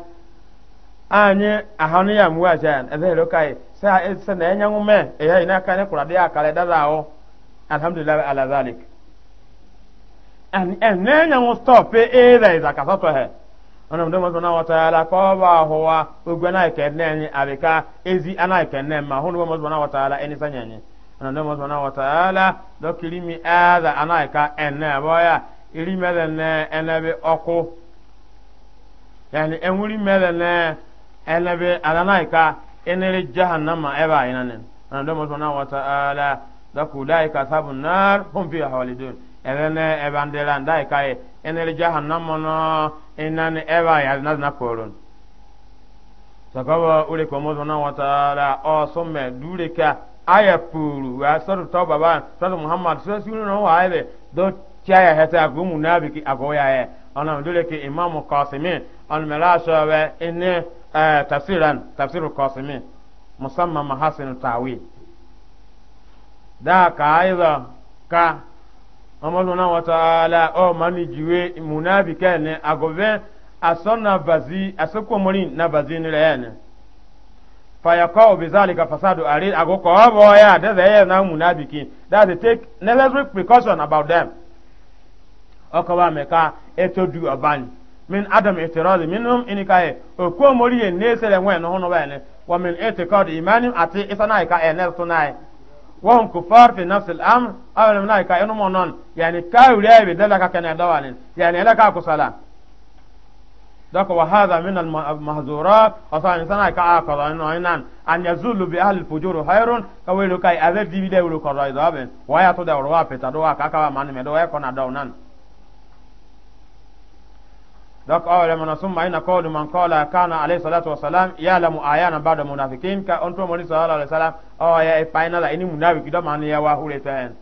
anyị ahanu ya mgbe aja ezeru kai sa ese na enye nwume ehe ina aka ne kwara dị akara dada ahụ ana ndo na wata ala ko ba ogbe ugwe na ke abika ezi ana ke nen ma hunu mo na ala nye anyị. ana ndo na ala dọkịrị kilimi ada ana ka enne boya iri mele ne enebe yani enwuri ne enebe ana ka enere ana na wata ala da ka enene ebandela ndai kai enele jahannam no enan eba ya nazna porun sakaba ule ko mozo na wataala o somme dureka aya puru wa saru tauba ba saru muhammad sai sunu no wa ile do chaya heta gumu nabiki agoya e ona dureke imam qasimi al malasha wa inne e, tafsiran tafsirul qasimi musamman mahasin tawi Daa ka aiza ka amadu wa taala o mani jiwe munabi kene agobe asona bazi asoko mori na bazi ni rene fayaqau bizalika fasadu arid agoko abo ya de ye na munabiki that they take necessary precaution about them okawa meka etodu abani min adam itirad minhum inikaye okomori ye nesele nwe no hono bene wa min itikad imanim ati isana ka enel tunai وهم كفار في نفس الأمر أو من أيك إنه منون يعني كاولي بدلك كان يدوان يعني لك أكو سلام دك وهذا من المحظورات أصلا إنسان أيك أكو إنه أن يزول بأهل الفجور خير كويلو كاي أذب دي بيدو كرايزابن ويا تدور وابت تدور كاكا من مدوي كنا دونان dok awre oh, mana summa ina qawlu man qala kana alayhi salatu wasalam ya'lamu ayana ba'da munafiqin ka onto moni sallallahu alaihi wasallam o oh, ya e final ini munafiki do man ya wa hure tan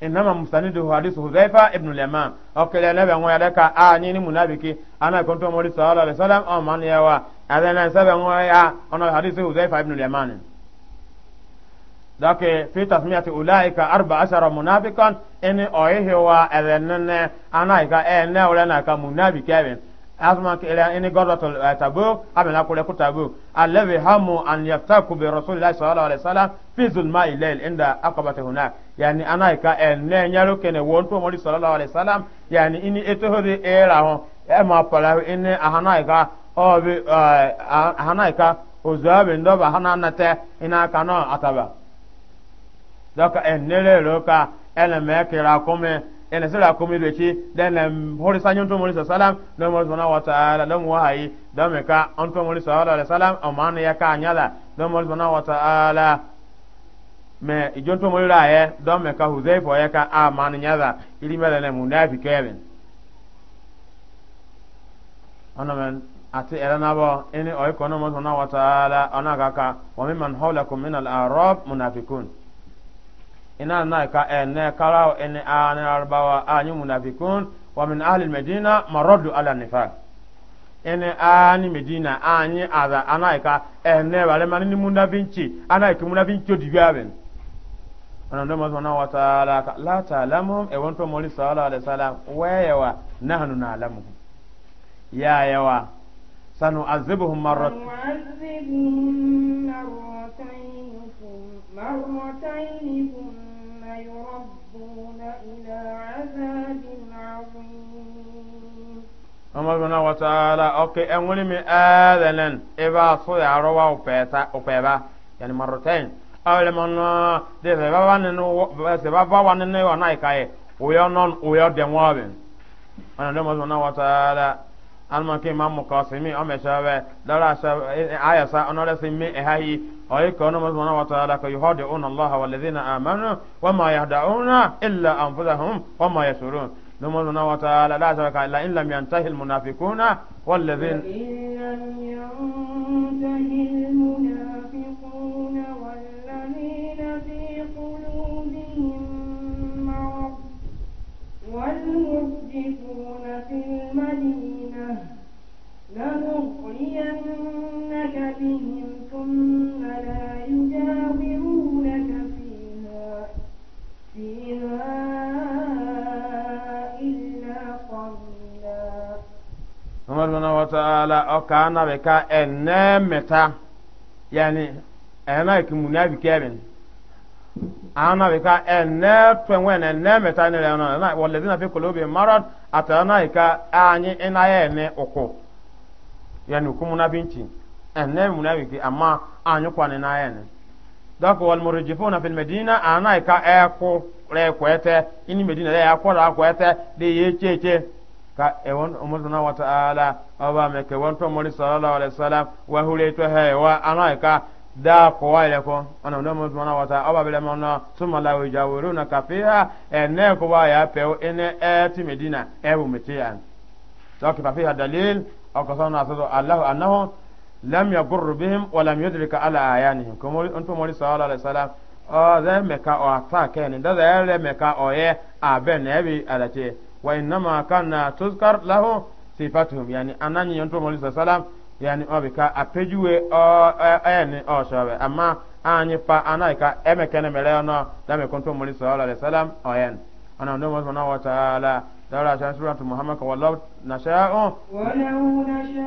inama mustanidu hadithu hudhaifa ibn al-yamam okele nabe ngoya daka a ah, ni ni munafiki ana konto moni sallallahu alaihi wasallam o oh, man ya wa adana sabe ngoya ah, ona hadithu hudhaifa ibn al-yamam dake fi tasmiyati ulaika arba ashara munafiqan ini oyehewa elenene anaika ene eh, ulena ka munafiki even eh, asma ila ini tabu, tabuk amela kule ku tabuk alladhi hamu an yaftaku bi rasulillahi sallallahu alaihi wasallam fi zulma ilail inda aqabati hunak yani anaika en ne nyaro kene wonto mori sallallahu alaihi wasallam yani ini etohori era ho e ma pala ini ahanaika o bi ahanaika ozabe ndoba hananate ina kana ataba doka en nele roka ele mekira kome ene sira ko mi reke dan lam um, hori sanyon to mori sallam no mo zona wa taala lam wa hayi ka on mori sallallahu alaihi wasallam amana ya ka anyala no mo zona wa taala me ijon to mori raye do me ka huzaifo ya ka amana nyala ili mele ne munafi kevin ona men ati elanabo ini oikono mo zona wa taala ona kaka wa mimman hawlakum min al-arab munafikun ina na ka ene karaw ene ane arbawa anyu munafikun wa min ahli medina maradu ala nifaq ene ani medina anyi aza anaika ene wale mani ni munafinchi anaika munafinchi odigaben ana ndo mazwana wa taala ka la ta'lamu e wonto moli sallallahu alaihi wasallam wayawa nahnu na'lamu ya yawa sanu azibuhum marrat marratayn marratayn يردون إلى عذاب عظيم أما سبحانه وتعالى أوكي أمولي من آذنن إبا صدي عروا وفيبا يعني مرتين أول من دي سبب وانن ونائكاي ويونون ويودن وابن أنا دوما سبحانه وتعالى almaki mamu kasimi ɔmɛ sɛbɛ lɔra sɛbɛ ayasa ɔnɔrɛsi mi ɛhayi أي كونوا سبحانه وتعالى يهادئون الله والذين آمنوا وما يهدعون إلا أنفسهم وما يسرون ثم سبحانه وتعالى لا شرك إلا إن لم ينتهي المنافقون والذين إن لم ينتهي rahman bana wa ta'ala ọka ka na be ka meta yani ena ki ana ka enne na enne meta ne na na walladina fi qulubi marad na ka anyi ina ene oko yani ku munabi nchi enne munabi ki amma anyi kwa na ene dako wal murjifuna fil ana ka ewon umar sana wa ta'ala oba me ke won to mori sallallahu alaihi wasallam wa hure to he wa ana ka da ko wa ile ko ana no mo sana wa ta'ala oba bele mo no summa la yajawiruna ka fiha ene ko wa ya pe ene e ti medina e bu metian to ke fa fiha dalil o ko sana sa allah annahu lam yagur bihim wa lam yudrika ala ayanihim ko mori on to mori sallallahu alaihi wasallam o ze me ka o ata ke ni da ze me ka o ye abe bi alache wa innama kana tuzkar lahu sifatuhum yani anani yonto mo lisa salam yani obi ka apejuwe ayani o e, amma anyi fa anai emekene mele no da me konto mo lisa ala salam oyen ana ndo mo wa taala dawra shan suratu muhammad ka wallahu nasha'u wa law nasha'u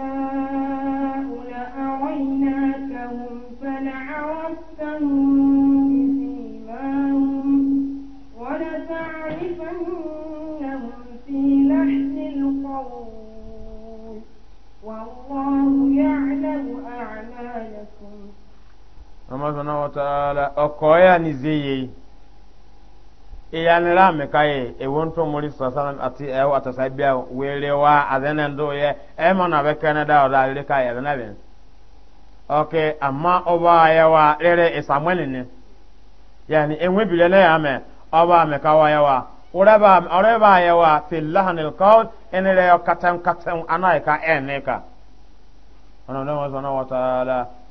la araynakahum fala'awtahum ni zeye iyanira e ka ye ewo ntɔ mori sɔsɔn ati ɛwɔ e atasa bia wele wa e na bɛ kɛnɛ da ɔda ale ka yɛlɛ na bɛ ama ɔba yɛ wa rere ni yanni enwe bi lɛlɛ yɛ ɔba mi wa wa wa fi lahanil kɔl ɛni rɛ yɔ katɛn katɛn ana yɛ ka ka ɔnɔ ne ma sɔn na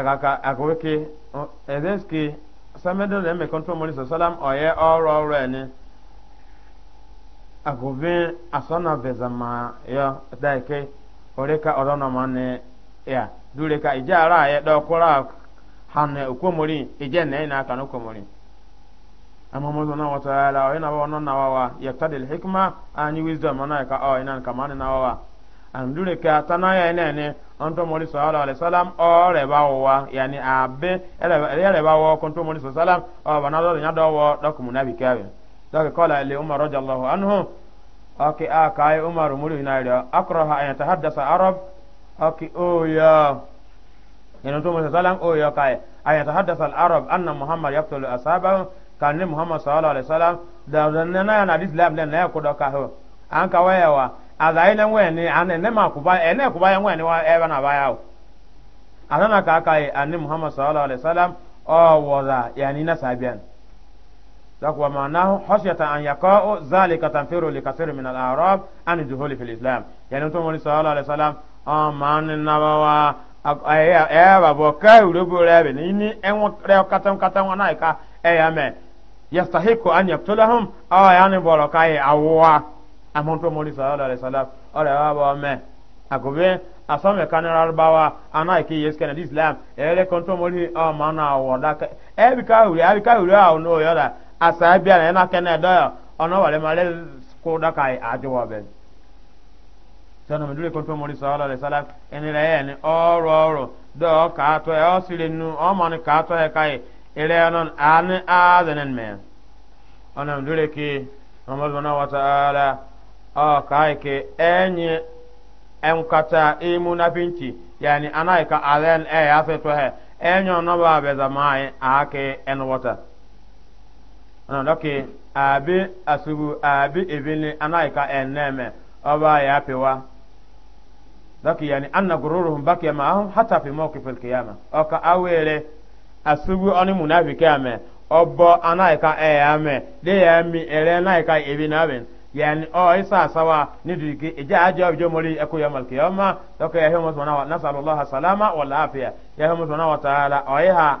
kaka akweke ezenski samedo na eme kontro mo so salam oye oro oro ene agobe asona vezama ya daike oreka orono mane ya dureka ijara ya do kora hanne okomori ije ne na aka no komori amma mo zona wa na o ina wa na wa wa yaqtadi al hikma ani wisdom ana ka o ina kama na wa an dureka tanaya ene ne onto mori sallallahu alaihi wasallam o reba wa yani abe ele reba wa konto mori sallallahu alaihi wasallam o banado nya do wo do kumu nabi kabe to ke kala ile umar radiyallahu anhu aki akai umar muri hinaira akraha an yatahaddasa arab aki o ya yani to mori sallallahu o ya kai an yatahaddasa al arab anna muhammad yaqtulu ashabahu kanne muhammad sallallahu alaihi wasallam da zanna na hadith lam la na ko do an ka wa azai na wani ana ne ma kuba ene kuba ya wani wa eba na baya o anana ka ka yi anni muhammad sallallahu alaihi wasallam o oh, wala yani na sabian dak wa ma'ana hasyata an yaqa'u zalika tanfiru li kathir min al-a'rab an duhuli fil islam yani to wani sallallahu alaihi wasallam o oh, man na bawa eba bo kai urubu rebe ni ni enwo re katam katam wana ka eya me yastahiqu an yaqtulahum aw oh, yani borokai e, awwa amonto mori sallallahu alaihi wasallam ore wa ba me akobe asome kanara arbawa ana ke yes kana islam ere konto mori o oh, mana woda e ebi ka huri abi ka huri awo oh, no yoda asabi ana na kana do ono wale male ko da kai ajowa be sọ́nà mi dúró kó tó mọ́rí sọ́ọ́lọ́ rẹ̀ sálá ẹni rẹ̀ yẹn ni ọ̀rọ̀ ọ̀rọ̀ dọ́ọ̀ kàátọ́ ẹ̀ nu ọmọ ni kàátọ́ ẹ̀ káyè ẹ̀rẹ́ ọ̀nà àánú àádẹ́nẹ́mẹ́ ọ̀nà mi dúró kí ọmọdé wọn náà wọ́n ta ọ kaike enyi emkata imu na binci yani anaika alen e ya se tohe enyo no ba be zamai ake enwota ana doki abi asubu abi ibini anaika eneme oba ya pewa doki yani anna gururuhum bakiya ma'ahum hatta fi mawqif al-qiyamah o ka awere asubu oni munafiki ame obo anaika e ame de ya mi ere anaika ibina bin yani o isa sawa ni duki ija ajo jo mori eko ya mal kiyama to ka yahu musbana wa nasallallahu salama wal afiya yahu musbana wa taala o iha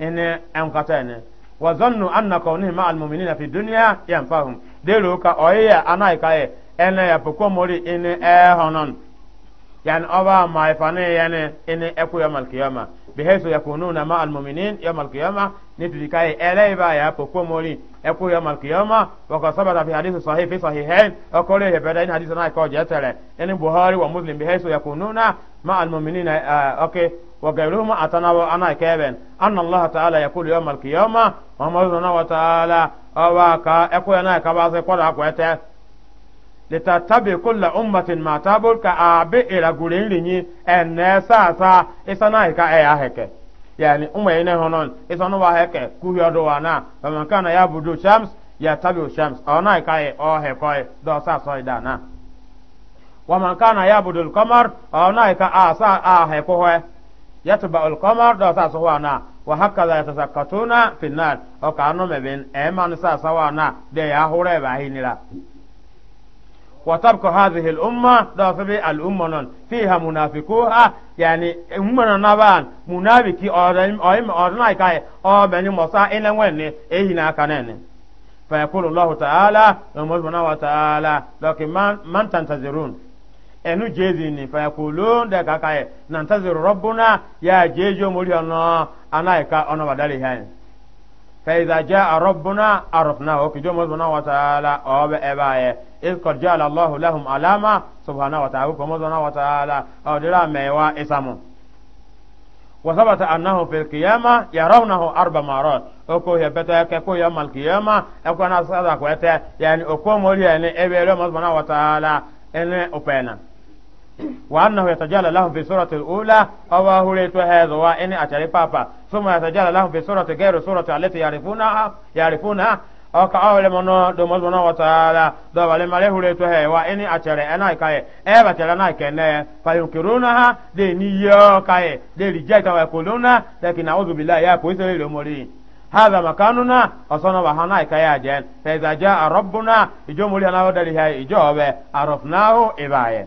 ene an katane wa zannu anna kawnihi ma al mu'minina fi dunya yanfahum de lo ka o ya anai kae ene ya poko mori ene e honon yani oba ma ifane yani ene eko e, ya mal kiyama bihaythu yakununa ma al mu'minin yawm al kiyama ni duki kae eleba ya poko mori eku yawm alqiyama wa qad sabata fi hadith sahih fi sahihain akole he bada in hadith na ko jetere en buhari wa muslim bi haythu yakununa ma al mu'minina okay wa gairuhum atanawa ana keben anna allah ta'ala yaqulu yawm alqiyama wa mawzuna wa ta'ala awaka eku yana ka ba se ko da ko ete litatabi kulla ummatin ma tabul ka abe ila gurin rinyi en ne sa sa isana ka e yani umma ina honon isono e wa heke kuhyo do wana faman kana yabudu shams ya tabiu shams ona ikaye o he koy do sa soy dana wa man kana yabudu al-qamar ona ika asa a he ko he yatba al-qamar do sa so wana wa hakaza yatasakkatuna fi an-nar o ka no meben e man sa sa wana de ya hore ba hinira وتبقى هذه الأمة دافبي الأمة فيها منافقوها يعني أمة نبان منافقي أرنم أرنم أرنم كاي أرنم موسى إلى وين إيه كانين فيقول الله تعالى سبحانه وتعالى لكن من من تنتظرون ẹnu jeezi ni fayakulun da kakaye nantaziru rabbuna ya jeejo ọna anaika ọna wadari hain فإذا جاء ربنا عرفناه كجوم سبحانه وتعالى أو إباية إذ قد جعل الله لهم علامة سبحانه وتعالى كما سبحانه وتعالى أو دلا ميوا إسامو وثبت أنه في القيامة يرونه أربع مرات أكو هي بتا كو يوم القيامة أكو أنا صادق يعني أكو مولي يعني إبي سبحانه وتعالى إن أبينا وأنه يتجلى لهم في سورة الأولى أو هريت هذا وإن أتري بابا ثم يتجلى لهم في سورة غير سورة التي يعرفونها يعرفونها أو كأول من دوم الله وتعالى دوم لما له هريت هذا وإن أتري أنا كاي أبا ترى أنا كنا فينكرونها دي نيو كاي دي رجعت ويقولون لكن أعوذ بالله يا بويس للمولين هذا مكاننا أصنع وحنا كيا جن فإذا جاء ربنا يجوم لنا ودري هاي يجوبه عرفناه إباعه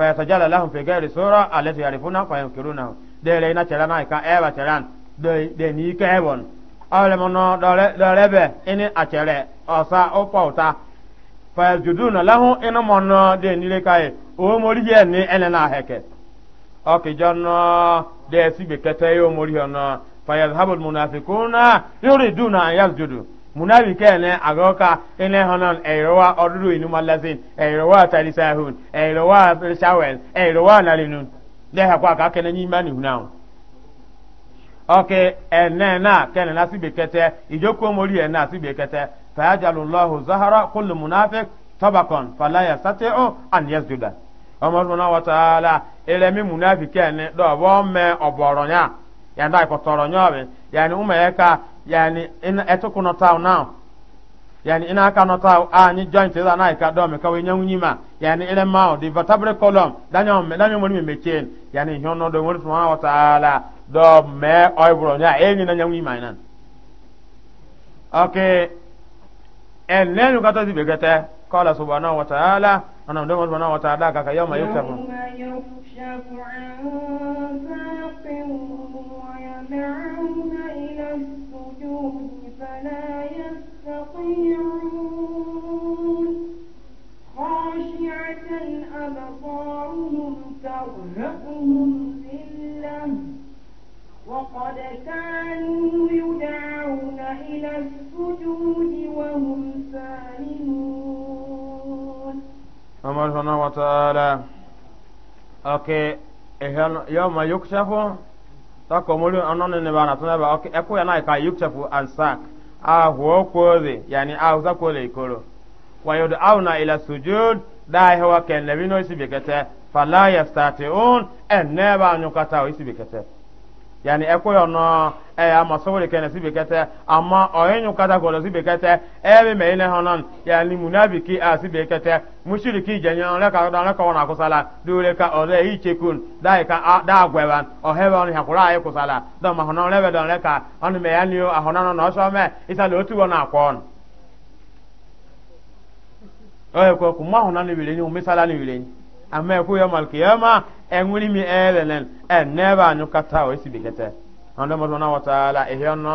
fayatajala lahum fi ghairi sura allati yarifuna fayankiruna dele ina cherana ka eba cheran de de ni ka ebon awle mono dole dole be ini achere osa opauta fayajuduna lahum ina mono de ni le kai o mori ye ni elena heke oke jonno de sibe kete yo mori ono fayadhhabu almunafiquna yuriduna an munafiki ene agoka ene hanan eirowa oduru inu malazin eirowa tarisahun eirowa shawel eirowa nalinun de kwa ka kene nyima ni hunawo oke ene na kene na sibe kete ene na sibe kete fa zahara kullu munafiq tabaqan fala yastati'u an yasjuda wa taala do bo me yanda ko yani uma yaka yani in etuku no taw now yani ina ka no taw a ni joint da na ka do me ka we nyangu nyima yani ile mao di vertebral column danyo me danyo mo me mechen yani hyono do mo tuma wa taala do me oibro nya e ni na nyangu nyima nan okay en lenu ka to di begete قال سبحانه وتعالى أنا مدوم سبحانه وتعالى كك يوم يكشف يوم يكشف عن ساق ويدعون إلى السجود فلا يستطيعون خاشعة أبصارهم ترهقهم ذلة وقد كانوا يدعون إلى السجود وهم سالمون Muhammad subhanahu wa ta'ala ake ehan yawma yukshafu ta komulu anon ne bana tuna ba ake eko yana ka yukshafu an sak a huo kozi yani a huza kole ikoro wa yud'auna ila sujud da hewa ken nabi no isi bikete fala yastati'un en ne ba nyukata isi bikete yani eko yana e ama ya ni munafiki a sibe kata ka na ka kusala dole ka ore yi chekun dai ka ah, da gwewan o hewa ni hakura ayi kusala da ma honon lebe don leka on me ya ni o ahonon no so isa lo tu wona akon na ko kuma na ni bile ni umisala ni bile ni amma ko ya malkiyama eh, o anda mo na wataala ihe no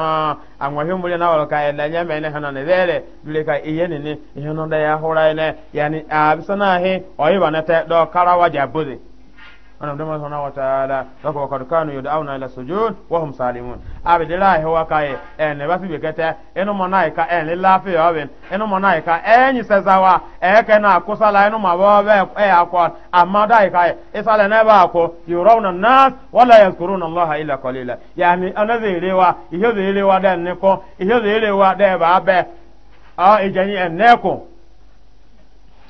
anwa himbule na wala la nyame ne hana ne vele dule ka iye ne ne ihe no da ya hura ne yani abisana he oyiba na te do karawa jabuzi ana mdama sana wa taala sako wakad kanu yud'auna ila sujud wa hum salimun abdillahi huwa kai en basi bikete eno monaika en lafi yawen eno monaika zawa sezawa eke na kusala eno mababe e akwa amada kai isala na ba ko yurawna nas wala yazkuruna allah illa qalila yani anazirewa iyo zirewa den ne ko iyo zirewa de ba be a ejani en ne ko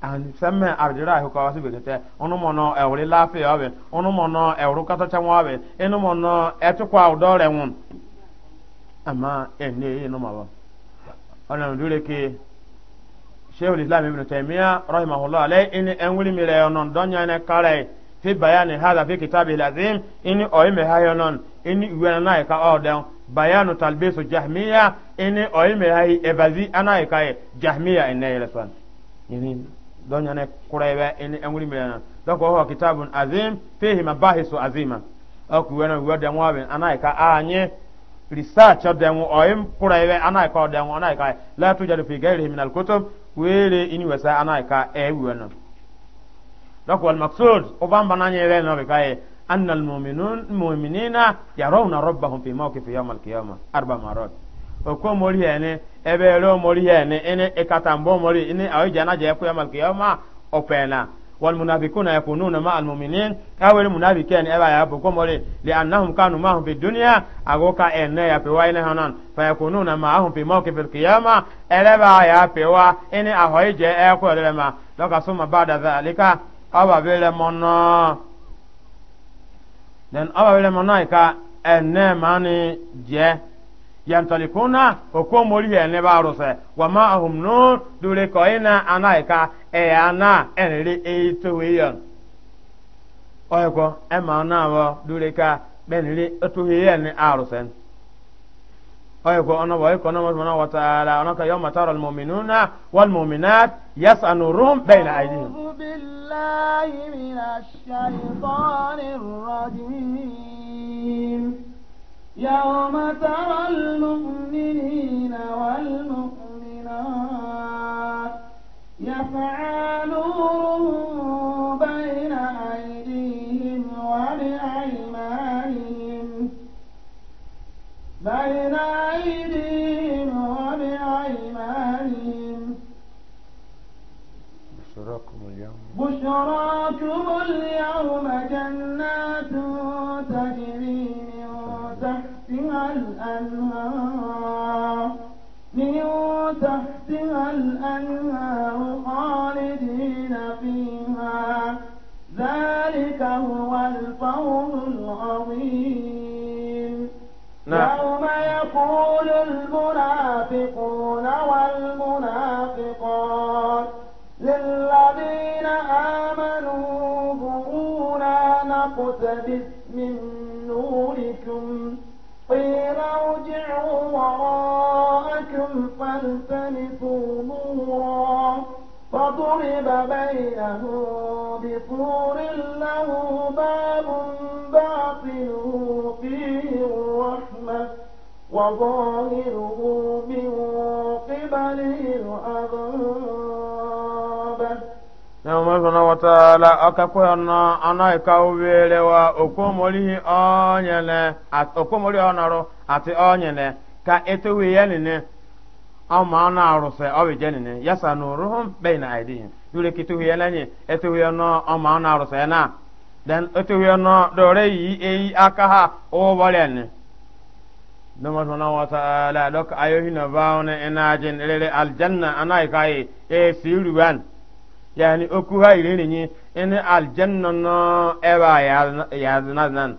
an sɛmɛ arjira ahu ka wasu bɛtɛ ɔnu mɔ nɔ ɛwuri lafiya ɔbɛ ɔnu mɔ nɔ ɛwuri katɔtɛ mu ama ɛnɛ yi ma bɔ ɔnà ndúlẹ̀ ke islam ibn taimia rahimahullah ale ini ɛnwuli mi rɛ ɔnɔ dɔnyɛ ne kala yi bayani kitabi lazim ini ka bayanu talbisu jahmiya ka don yana kurebe in en wuri milana don ko ho kitabun azim fihi mabahisu azima aku wena wada mwaben anai ka anye research da mu oyim kurebe anai ka da mu anai ka la tujadu fi ghairihi min alkutub wele ini wasa anai ka e wena don wal maqsud obamba nanye le no be kai anna almu'minun mu'minina yarawna rabbahum fi mawqif yawm alqiyamah arba marat o ko mori ene ebe ro mori he ne ene ikata mbo mori ene awi jana je ku yamal qiyama opena wal munafiquna yakununa ma al mu'minin awel munafiqin eba ya bu ko mori li annahum kanu ma hum fi dunya agoka ene ya pe wa hanan fa yakununa ma hum fi mawqif al qiyama eleba ya pe wa ene ahoy je e ku le ma doka suma ba'da zalika aba bele mono den aba bele mono ka ene mani je yantalikuna oko mori ya ne baro wa ma ahum no dure ko ina anaika e ana enri e to oyeko e ma na wo dure ka benri to we ya ne aro se oyeko ona wa oyeko na mo na wa taala ona ka yawma tara al mu'minuna wal mu'minat yas'anu rum baina aydihim billahi minash shaitanir rajim يوم ترى المؤمنين والمؤمنات يسعى نورهم بين أيديهم وبأيمانهم بين أيديهم وبأيمانهم بشراكم اليوم بشراكم اليوم جنات الأنهار من تحتها الأنهار ọ بَيْنَهُ بِطُورٍ لَّهُ بَابٌ بَاطِنُهُ فِيهِ الرَّحْمَةُ وَظَاهِرُهُ مِن قِبَلِهِ الْعَذَابُ na na wataala akakwe na anaika uwelewa okomolihi onyene at okomoli onaro ati onyene ka etuwi aw maana aruse aw jenene yasa nuruhum bayna aydihim dure kitu yelanye etu yono aw maana aruse na dan etu yono dore yi eyi akaha o bolen dama tona wa ta'ala dok ayohi na baune enajin lele aljanna anai kai e siruwan yani oku ha irenye ene aljanna no eba ya ya nan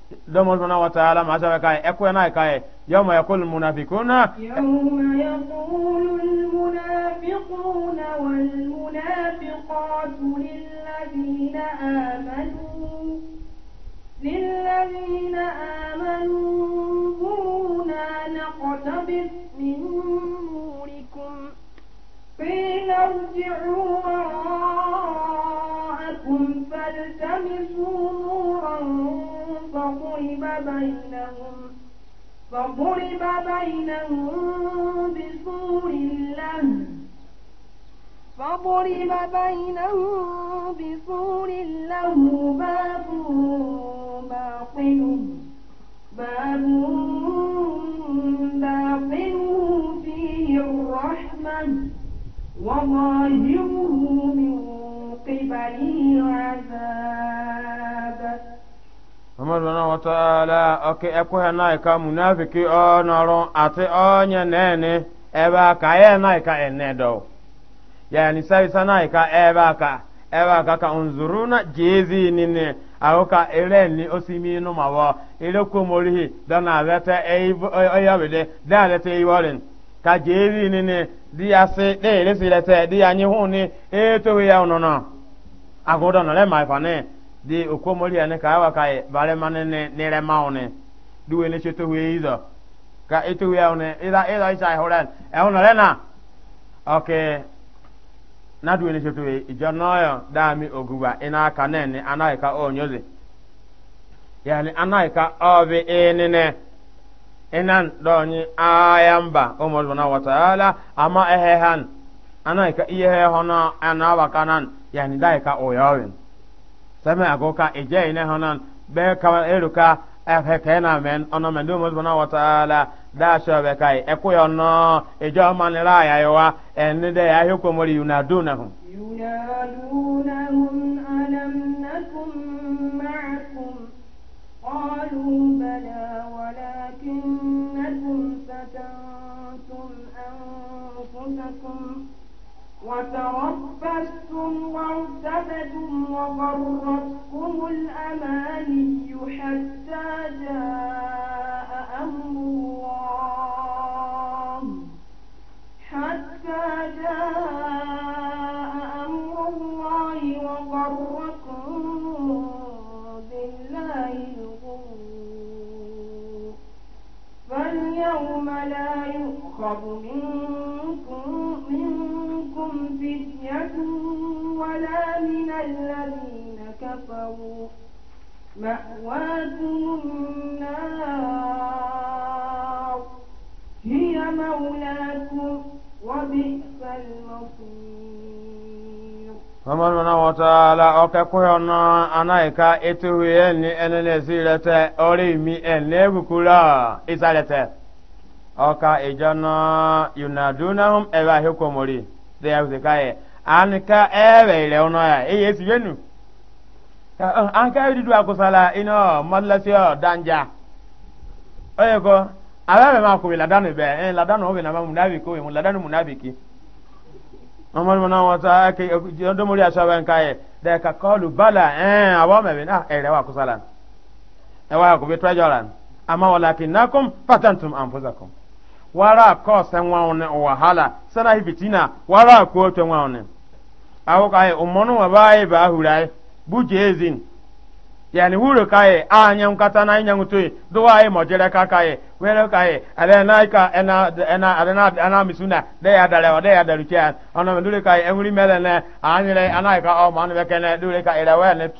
دومون سبحانه وتعالى ما شاء كاي اكو يوم يقول المنافقون يوم يقول المنافقون والمنافقات للذين آمنوا للذين آمنوا انظرونا نقتبس من نوركم قيل ارجعوا وراءكم فالتمسوا نورا فضرب بينهم فضرب بينهم بسور له فضرب بينهم بسور له باب باطل باب باطل فيه الرحمة وظاهره من قبله العذاب Muhammadu bana wata ala oke ekweghị na ka munafiki ọ nọrọ ati onye nene ebe aka ya na ka ene dọ ya ni sai sana ka ebe aka ebe aka ka unzuruna jezi nini awo ka ere ni osimi inu ma wo ere ko morihi da na leta e ya bele da leta e worin ka jezi nini di ya se de ere si leta di ya nyi hu ni e ya no no agodo no le mai fa ne di okomori ane ka awa ka bare mane ne nere maune duwe ne cheto we izo ka eto we one ida ida isa horan e ono lena oke na duwe ne cheto we ijo noyo dami oguwa ina e aka nene anai ka onyoze yani anai e ka obi enene inan e donyi ayamba umar bana wa ta'ala ama ehehan anai ka iye hono anawa kanan yani dai ka oyawin sɛmɛ agoka ijɛ ine honan bɛ kawa eruka ɛfɛ kɛna mɛn ɔnɔ mɛn dumu subhanahu wa ta'ala da sɔ bɛ kai ɛkuyɔ nɔ ijɔ manira yayewa ɛni dɛ ahi komori yunadunahum yunadunahum alam nakum ma'akum qalu bala walakinnakum fatantum anfusakum وتربصتم وارتبتم وغرتكم الأماني حتى جاء أمر الله حتى جاء أمر الله وغركم بالله الغرور فاليوم لا يؤخذ منكم منكم فتية ولا من الذين كفروا مأواكم النار هي مولاكم وبئس المصير Amadu mana wata ala ọkẹ kúrò náà anáìka ètùwì ẹni ẹni lè sí ìrẹtẹ orí mi ẹni lẹ́gùkúrò ìsàlẹ̀tẹ̀ ọkà there was a guy and ka ewe eh, ile eh, ono ya e eh, yesu yenu an ka yidi du akosala ino madlasi o danja oye ko ala be ma ko be ladanu be en ladanu o be na ma munabi ko be ladanu munabi ki mamad mana wata ke do mori asaba en kai de ka kalu bala en awa me be na ah, ere wa akosala e wa ko be trajoran ama walakinakum fatantum anfusakum wara ko se nwaone o wahala sana hibitina wara ko to nwaone awo kai umonu wa bai ba hurai bujezin yani huru kai anya nkata na anya ngutui duwa ai mojere ka kai wero kai ale na ena ena ale na ana misuna de ya dale de ya kai mele ne o ile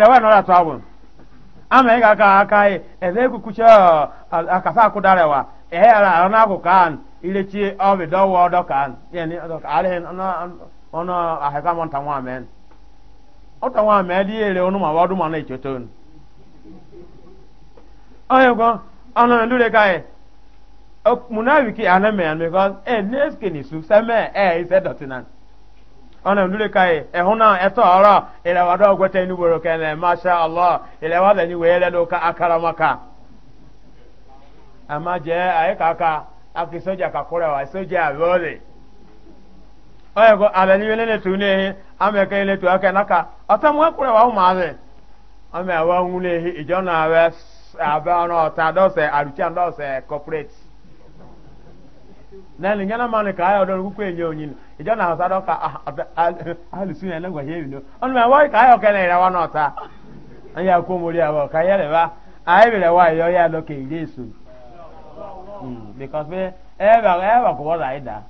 ota tawo ama ị ga-aka aka eze e ekukuche e, akafa akụdarewa eghara arụ n'akụ kan ilechi ọbị dọwa ọdọ kan arịghị ọnụ ahịka m nta nwamen ọta nwamen dị ere ọnụ ma ọdụ ma na-echeto onye gwo ọnụ ndụre ka e, munafiki anamịan because e na-esike n'isu seme e ise dọtinan ana ndure kai e huna eto ara ile wada ogwete ni boro kene masha allah ile ni wele do ka akara maka ama je kaka aki soja ka kore wa soja oye go ni wele ne tune ame ka ile tu aka naka ata mu kore wa ame ngule hi ijona s aba no ta do se se corporate nani nyana mani ka ayo don kukwe nyo nyin ijo na hasa do ka ahlu ah, ah, ah, sunna na gwa yewi no on ma wai ka ayo kele ra wana ta ya ko mori ka yele ba ayi e bi wai yo ya lo ke yesu hmm, because e ba e wala ida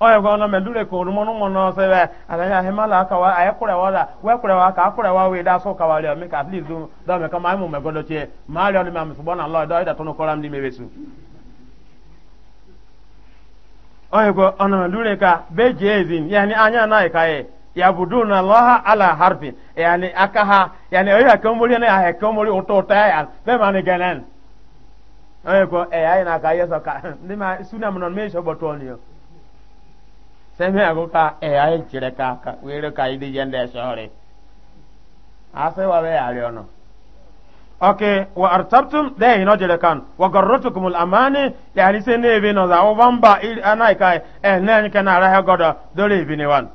o ye ko na me dure ko no no no se be ala ya he mala ka wa ayi kure wala we kure wa ka kure wa we da so ka wa le mi ka please do me ka ma mu me godo che ma le on ma mi subhanallah do ida to koram oyego onama lure ka be jezin yani anya na ka e yabuduna allaha ala harfin yani akaha yani oya komori na ha komori uto ta ya be mani ganan oyego e ay na ka yeso ka ni ma suna mun me so boton yo seme ago ka e ay jire ka ka were ka idi jende sore ase wa be ari ono oke wa artabtum da hino jere kan wa garratukum al amani yani se ne be no za o bamba anai kai e ne ni kana ra ha goda dole bi ne wan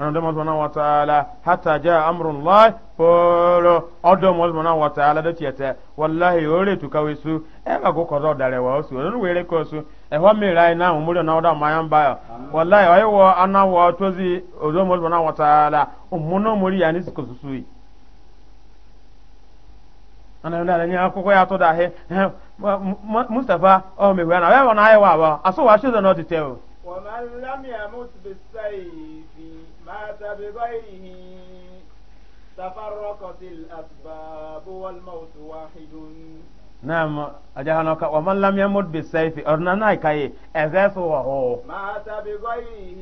an da mazmana wa ta'ala hatta ja amrun allah polo odo mazmana wa ta'ala da tiyete wallahi ore tu kawisu. su e ba go kodo dare wa su ro were ko su e ho mi rai na mu ro na oda mayan ba wallahi ayo wa anawo tozi odo mazmana wa ta'ala ummuno muri yani su ko su ana na nya akwụkwọ ya atụda ahị mustapha ọ mewe na ya na ayewa awa asụ wa shozo no detail ومن لم يمت بالسيف مات بغيره تفرقت الأسباب والموت واحد نعم أجهنك ومن لم يمت بالسيف أرنانا كاي أزاس وهو مات بغيره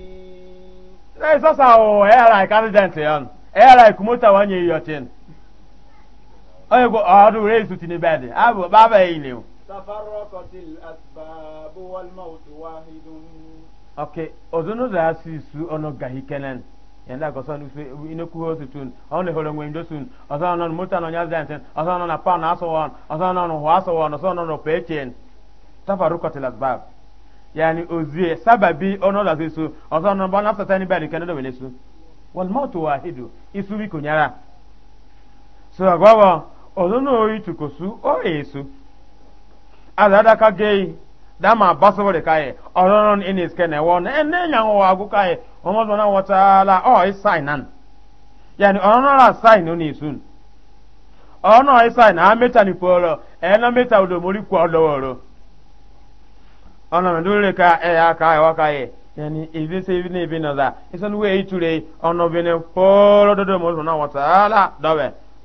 ليس ساو إيه لايك أكسيدنت يان إيه لايك موتا واني يوتين oye go ọrụ were suti ne bade abu baba ile o tafarraqatil asbab wal maut wahidun okay ozono za sisu ono gahi kenen yanda ko sonu se ine ku ho sutun ono holo na ndo sun ozono no muta na pa na aso no ho nọ won ozono no ozie sababi na fata ni bade kenen do wele su wal maut isu onono oitukosu o esu azada adaka gei dama basore kai oronon inis kene won enne nyango agu kai omo zona wataala o isainan yani onono la sign oni sun ni polo eno meta ku ono me dole ka e ya kai wa kai yani ibi se ibi ne ibi na da isan dodo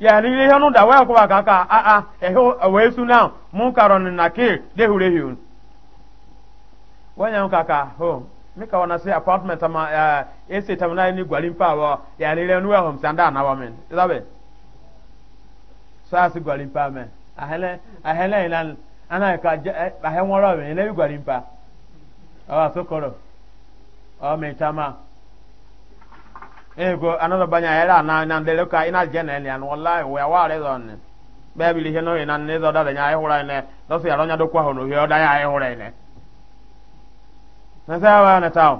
yani ihe nu da waya kuba kaka a uh, eh, a eho esu su na mun karon na ke de hure hiun kaka ho mi ka wana se apartment ma eh ese tamna ni gwalin pa wa yani le nu ehom sanda na wa men zabe so asi gwalin pa men ahele ahele ina ana ka ahe won ro men le gwalin pa awa so koro o me tama ego another banya era na na ndele ka ina jene ni an wallahi we wa re don be bi ihe no na ne zo da nya ịhụrụ hura ne do se aronya do kwa hono he ya na na taa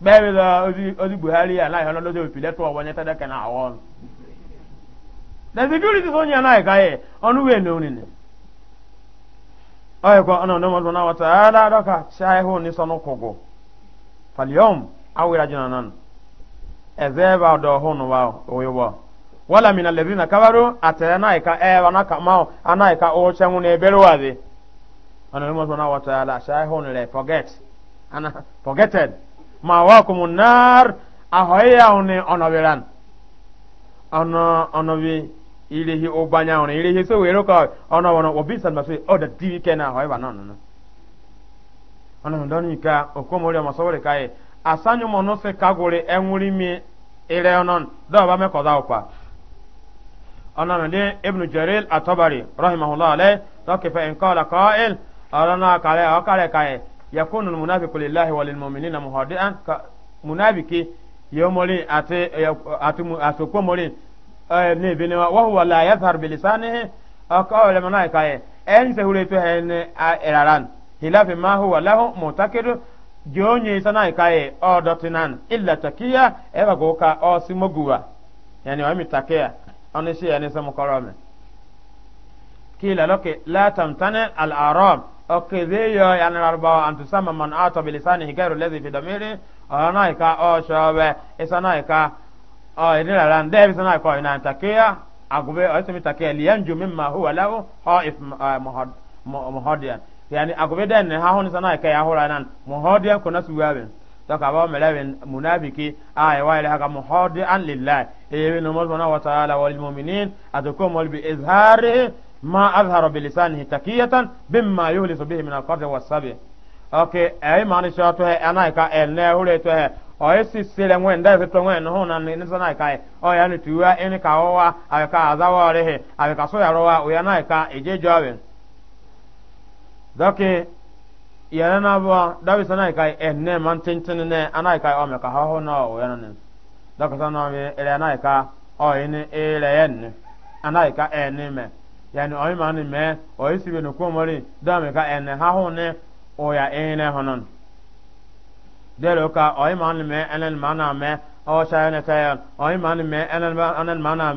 da ozi buhari ya na he no do se pile to wonye ta da kana awon da na ka onu we no ni ne ko ana no na ala da ka sha ho ni sono falyom awira jina nan ezeba do ọhụrụ wa oyewa wala min na kafaru atayana ka ewa na kama ana ka o chengu ne berwaze ana mo sona ala taala shayhun le forget ana forgetted ma wa kumun nar ahoya oni onoberan ono onobi obanya so ono wono o da ba no no ono ka kai asanyu mo no se kagore enwuri mi ire onon do ba me koda opa onon de ibn jarir at-tabari rahimahullah alayh to ke fa in qala qa'il arana kale o kale kai yakunu al-munafiqu lillahi wa lil mu'minina muhadian munafiki yomoli ate atumu asoko moli eh, ne bene wa huwa la yazhar bi lisanihi aqawla manai kai en se huleto hen eraran hilafi ma huwa lahu mutakidu jonye sana ikaye o dotinan illa takiya eba goka o simoguwa yani wa mi takiya oni shi yani samu korome kila loke la tamtane al arab o kezeyo yani arba an tusama man ata bi hikaru ladhi fi damiri ona ika o shobe isana ika o inila ran de sana ika ina takiya agube o simi takiya liyanju mimma huwa lahu haif eh, muhadiyan yani agobeden ha hon sana ka ya hora nan muhadiyan kuna suwaben to ka ba melaben munafiki ay wa ila ka muhadiyan lillah e ibn umar wa ta'ala wal mu'minin adukum wal bi izhari ma azhara bi lisanihi takiyatan bimma yuhlisu bihi min al-qard was sabi okay ay mani shato he anai ka el ne hore to he o esi sele ngwen da se to ngwen no na ni sana ka o ya ni tuwa en ka owa ay ka azawa rehe ay ka so ya rowa o ya nai ka eje jawen dɔke yɛrɛ na ba dabi sana ikai eh, man ne ana oh, ka na o yɛrɛ ne dɔke sana ana oh, ana eh, yani ma eh, ne mɛ ɔyɛ sibe ne kɔmɔri ọ ka ha hɔhɔ ne o ya ɛnɛ hɔnɔn dɛlɛ o ka ɔyɛ ma ne mɛ na mɛ ɔyɛ ne sayɛ ɔyɛ na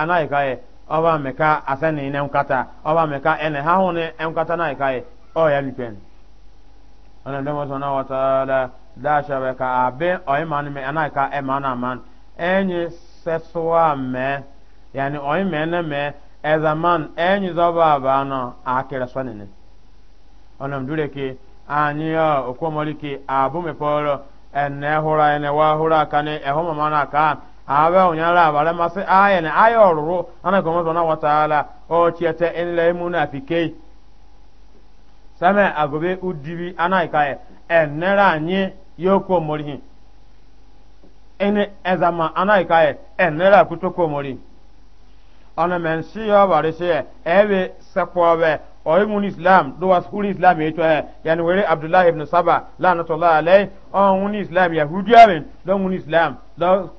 ana ọba meka asani ne nkata ọba meka ene ha hune e nkata na ikai ọ e. ya lipen ana ndemo sona wa taala da shabe ka abe o iman e me ana ka e man aman enyi seswa me yani o na mme e zaman enyi zoba ba no akira swani ne ona mdure ki anyi o okwu ki abu abụ polo ene hụrụ hura ene wa hura kane e homo mana ka abe onyala abale mase aya ne aya oruru ana ko mona wataala o tiete en na munafike sama agobe udibi ana ikaye enera anyi yoko morihi ene ezama ana ikaye enera kutoko mori ana men si yo bare se ebe sakwabe eh, islam do was islam eto e yani were abdullahi ibn saba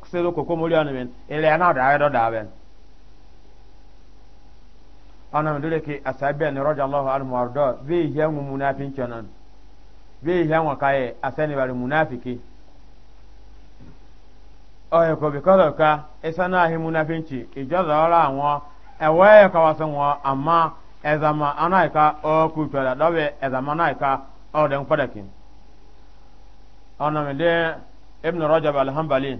aksedo koko mori anu men ele ana da ayo da ben ana mi dole ke asabi an radiyallahu anhu warda be yangu munafin kenan be yangu kaye asani bari munafiki oye ko bi kala ka esana hi munafinci ijaza ora awon ewe ka wasan wa amma ezama anaika o ku tada dobe ezama anaika o den kwadakin ana mi de ibn rajab al-hanbali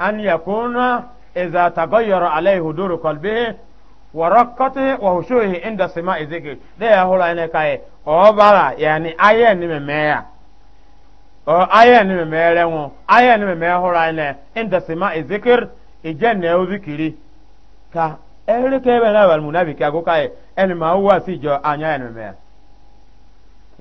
أن يكون إذا تغير عليه دور قلبه ورقته وهشوه عند سماع ذكر ده يقول أنا كاي أو بلا يعني أيه نمميا أو أيه نمميا لهم أيه نمميا هو أنا عند سماع ذكر إجنة وذكري كا أهلك يبنى والمنافق يقول كاي أنا ما هو سيجو أنا نمميا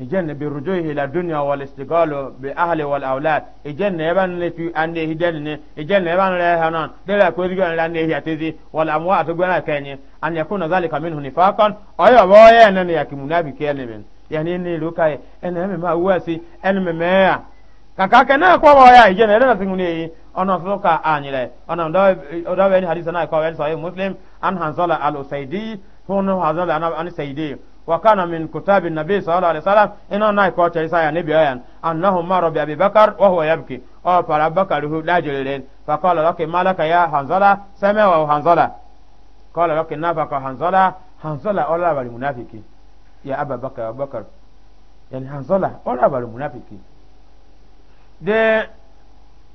ijen bi rujuhi ila dunya wal istiqalu bi ahli wal awlad ijen ne ban ne fi ande hidan ne ijen ne ban re hanan de la ko digan la ne yatezi wal amwat gona kanye an yakuna zalika minhu nifaqan ayo boye ne ne yakimunabi kene men yani ne lokai ene me ma wasi ene me meya kaka kana ko boya ijen ne na singune yi ona soka anyile ona ndo ndo ben hadisa na ko ben sahih muslim an hanzala al usaidi hono hanzala an sayyidi وكان من كتاب النبي صلى الله عليه وسلم إن أنا كوتا إسايا نبي أيان أنه مر بأبي بكر وهو يبكي أو فلا بكر لا جلدين فقال لك ما لك يا حنظلة سمع حنظلة قال لك نافق حنظلة حنظلة أولا بالمنافق يا أبا بكر أبا بكر يعني حنظلة أولا بالمنافق ده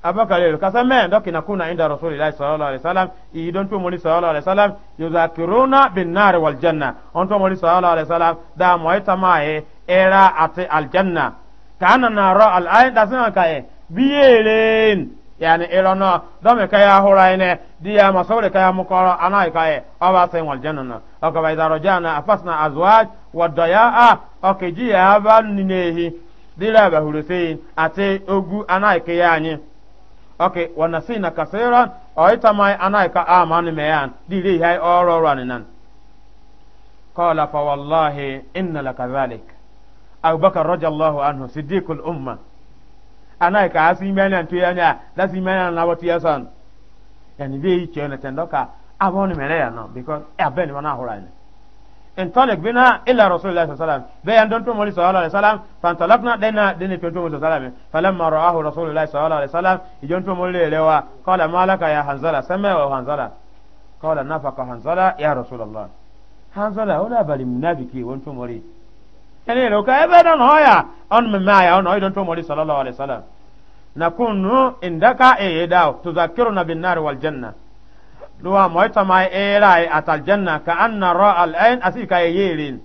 abakalelo kasame ndo kinakuna inda rasulillahi sallallahu alaihi wasallam idon to muli sallallahu alaihi wasallam yuzakiruna bin nar wal janna on to muli sallallahu alaihi wasallam da moita mae era ati al janna kana nara al ayn da sana kae biyelen yani irono do me kaya horaine dia masore kaya mukoro anai kae aba sen wal janna aka bai daro jana afasna azwaj wa dayaa okeji ya ban ninehi dira ba hurusein ate ogu anai kaya anyi okay wana sina kaseran o ita mai anai ka amanu meyan dili hay oro raninan qala fa wallahi inna la lakadhalik abubakar Allahu anhu siddiqul umma anai ka asimena tuyanya lasimena na watu yasan yani bi chena tendoka abonu meleya no because abeni wana horani انطلق بنا الى رسول الله صلى الله عليه وسلم بيان دون تو صلى الله عليه وسلم فانطلقنا دنا دنا تو صلى الله عليه وسلم فلما راه رسول الله صلى الله عليه وسلم يجون تو مولى لوا قال ما لك يا حنزله سمع وحنزله قال نفق حنزله يا رسول الله حنزله ولا بل منافقي وانت مولى يعني لو كابدا هيا ان ما يا ان ايدون تو صلى الله عليه وسلم نكون عندك ايداو تذكرنا بالنار والجنه luwa moita mai erai atal janna ka anna ra'al ain asika e yeyerin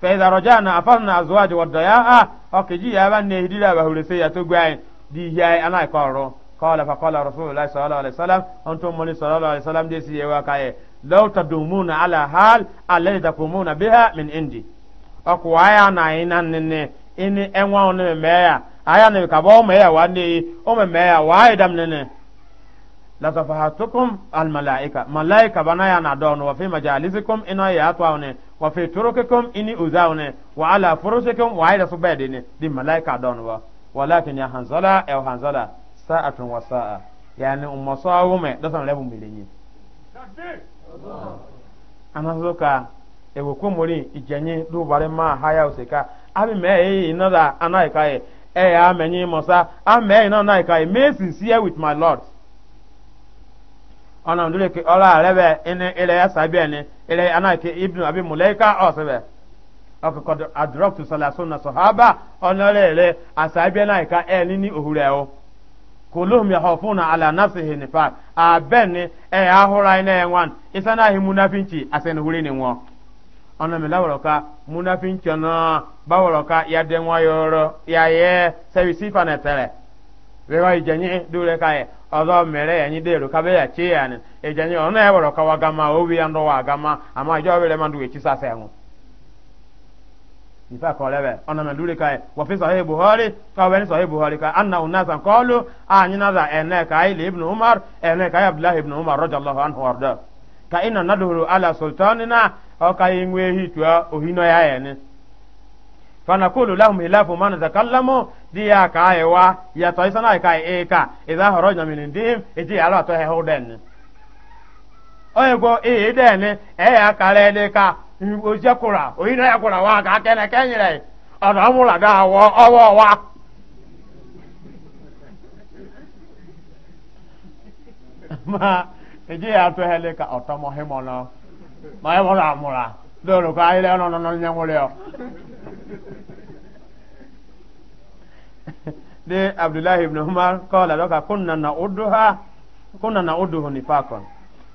fa idha rajana afarna azwaj wa dayaa okiji ya ban ne hidira ba hulese ya to gwain di yai ana koro qala fa qala rasulullah sallallahu alaihi wasallam antum mali sallallahu alaihi wasallam de siye wa kae law tadumuna ala hal alladhi takumuna biha min indi akwaya na ina ne ini enwa onu meya aya ne ka bo meya wa ne o meya wa idam ne lasafahatukum almalaika malaika bana ya na dɔn wa fi majalisikum ina ya tɔw ne wa fi turukikum ini uzaw ne wa ala furusikum wa ayi da su bɛɛ de ne di malaika dɔn wa walakin ya hanzala ɛw hanzala sa'atun wa sa'a yani umma sawu me da san lebu mile ni ana so ka e wo ko mori ijenye do bare ma haya useka abi me e ina da ana ka e e ya menyi mosa a me ina na ka e me sincere with my lord ona ndule ki ola lebe ene ile ya sabiene ile ana ki ibnu abi mulaika osebe aka kod adrop to ọ na sahaba ona lele asabiena ka elini ohureo kulluhum ala nafsihi nifaq abene e ahura ina enwan isana hi asen ona na ka ya denwa yoro ya ye na bego ijanyi dure kae ozo mere yanyi deru kabe ya chi yani ijanyi ona eboro kawa gama obi ando wa gama ama jo bele mandu echi sasa yangu nifa kolebe ona mandure kae wa fi sahih buhari ka wa ni sahih buhari ka anna unasa qalu anyina za ene ka kae ibn umar ene ka abdullah ibn umar radiyallahu anhu warda ka inna nadhuru ala sultanina o kae ngwe hitwa ohino ya yani fanakulu lahum ilafu man zakallamu di ya ka ewa ya to isana ka eka idha min indihim iji ala to he hoden oye go e den e ya ka le de ka oje kura oyi na ya kura wa ka kene kenyere ọdọ wa. ma eji ya atọ hele ka ọtọ de abdullahi ibn umar kọla lọka kunna na na uduhu ni fakon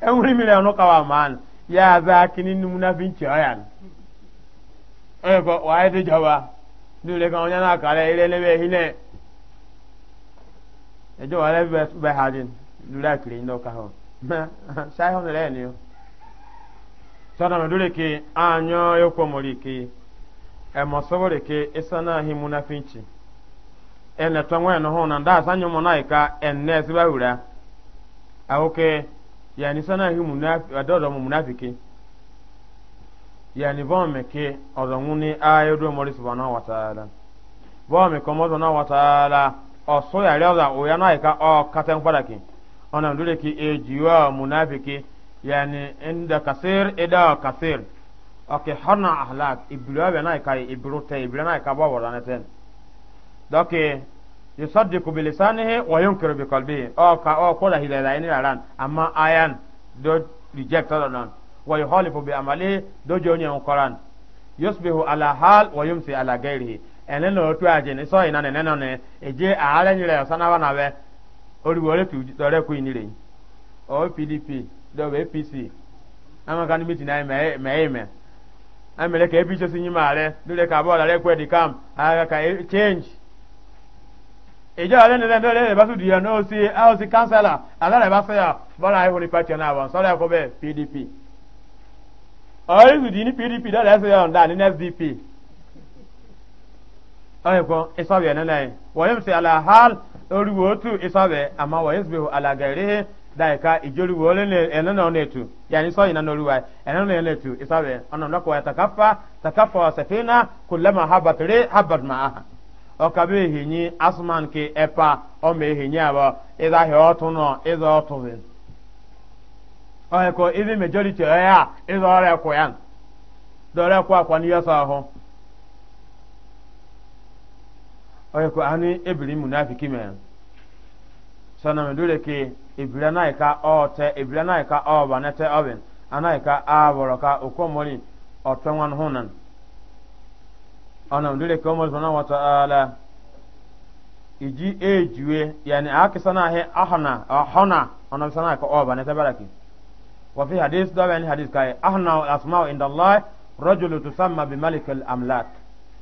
enwuri mmiri ọnụ kawa man ya za kini nu na binci oyan oye ko waye de jawa dule ka onya na kare ile lebe hine ejo wale be be hajin dule kire ndo ka ho sai ho ne le ni o sọdọ mi dule ki anyo yokomori ki ema sobole ke esana hi munafinci ene tongwe no hona nda sanyo monaika enne sibahura ahoke yani sana hi munafi adodo mu munafiki yani bome ke na wa ta'ala o so ya rada o ya naika o katen paraki ki e munafiki kasir e kasir ok hona ahlak ibiru abe na ka ibiru te ibiru na ka bawo lana ten donc yusaddiqu bi lisanihi wa yunkiru bi qalbihi o ka o kola hilala ini ran amma ayan do reject ala non wa yuhalifu bi amalihi do joni on koran yusbihu ala hal wa yumsi ala ghairihi enen no to aje ni so ina ne ne no ne eje aare nyire sana wa na we ori wore tu dore ku inire o pdp do apc amaka ni miti na me me me amele ka ebicho si nyimale dule ka bola le kwedi kam aga ka e change ejo ale ne ndo le basu dia no si au si kansala ala le basu ya bola ai e holi party na wa sala ko be pdp ai e su dini pdp da le so ya nda ni sdp ai ko isabe ne nai wa yamsi ala hal oru wotu isabe ama wa yasbihu ala gairihi daika ijoli wole ne enana onetu yani so ina no ruwa enana onetu isabe ono ndako ya takaffa takaffa wa safina kullama habat re habat ma'aha o kabe hinyi asman ke epa o me hinyi aba ida he otuno ida otuvin o he ko even majority eh, ya ida ore ko yan dore ko akwa ni yasa ho o he ko ani ibri munafiki men sana me dole ke ibira na ka ɔɔtɛ ibira na ka ɔɔba na tɛ ɔbɛn ana ka aabɔrɔ ka okɔmɔli ɔtɔŋwan hunan ɔnam dole kɔmɔli na wata ala iji ejuwe yani akisa na he ahana ahona ɔnam sana ka ɔɔba na tɛ baraki وفي حديث دوين حديث كاي أهنا الأسماء عند الله رجل تسمى بملك amlat.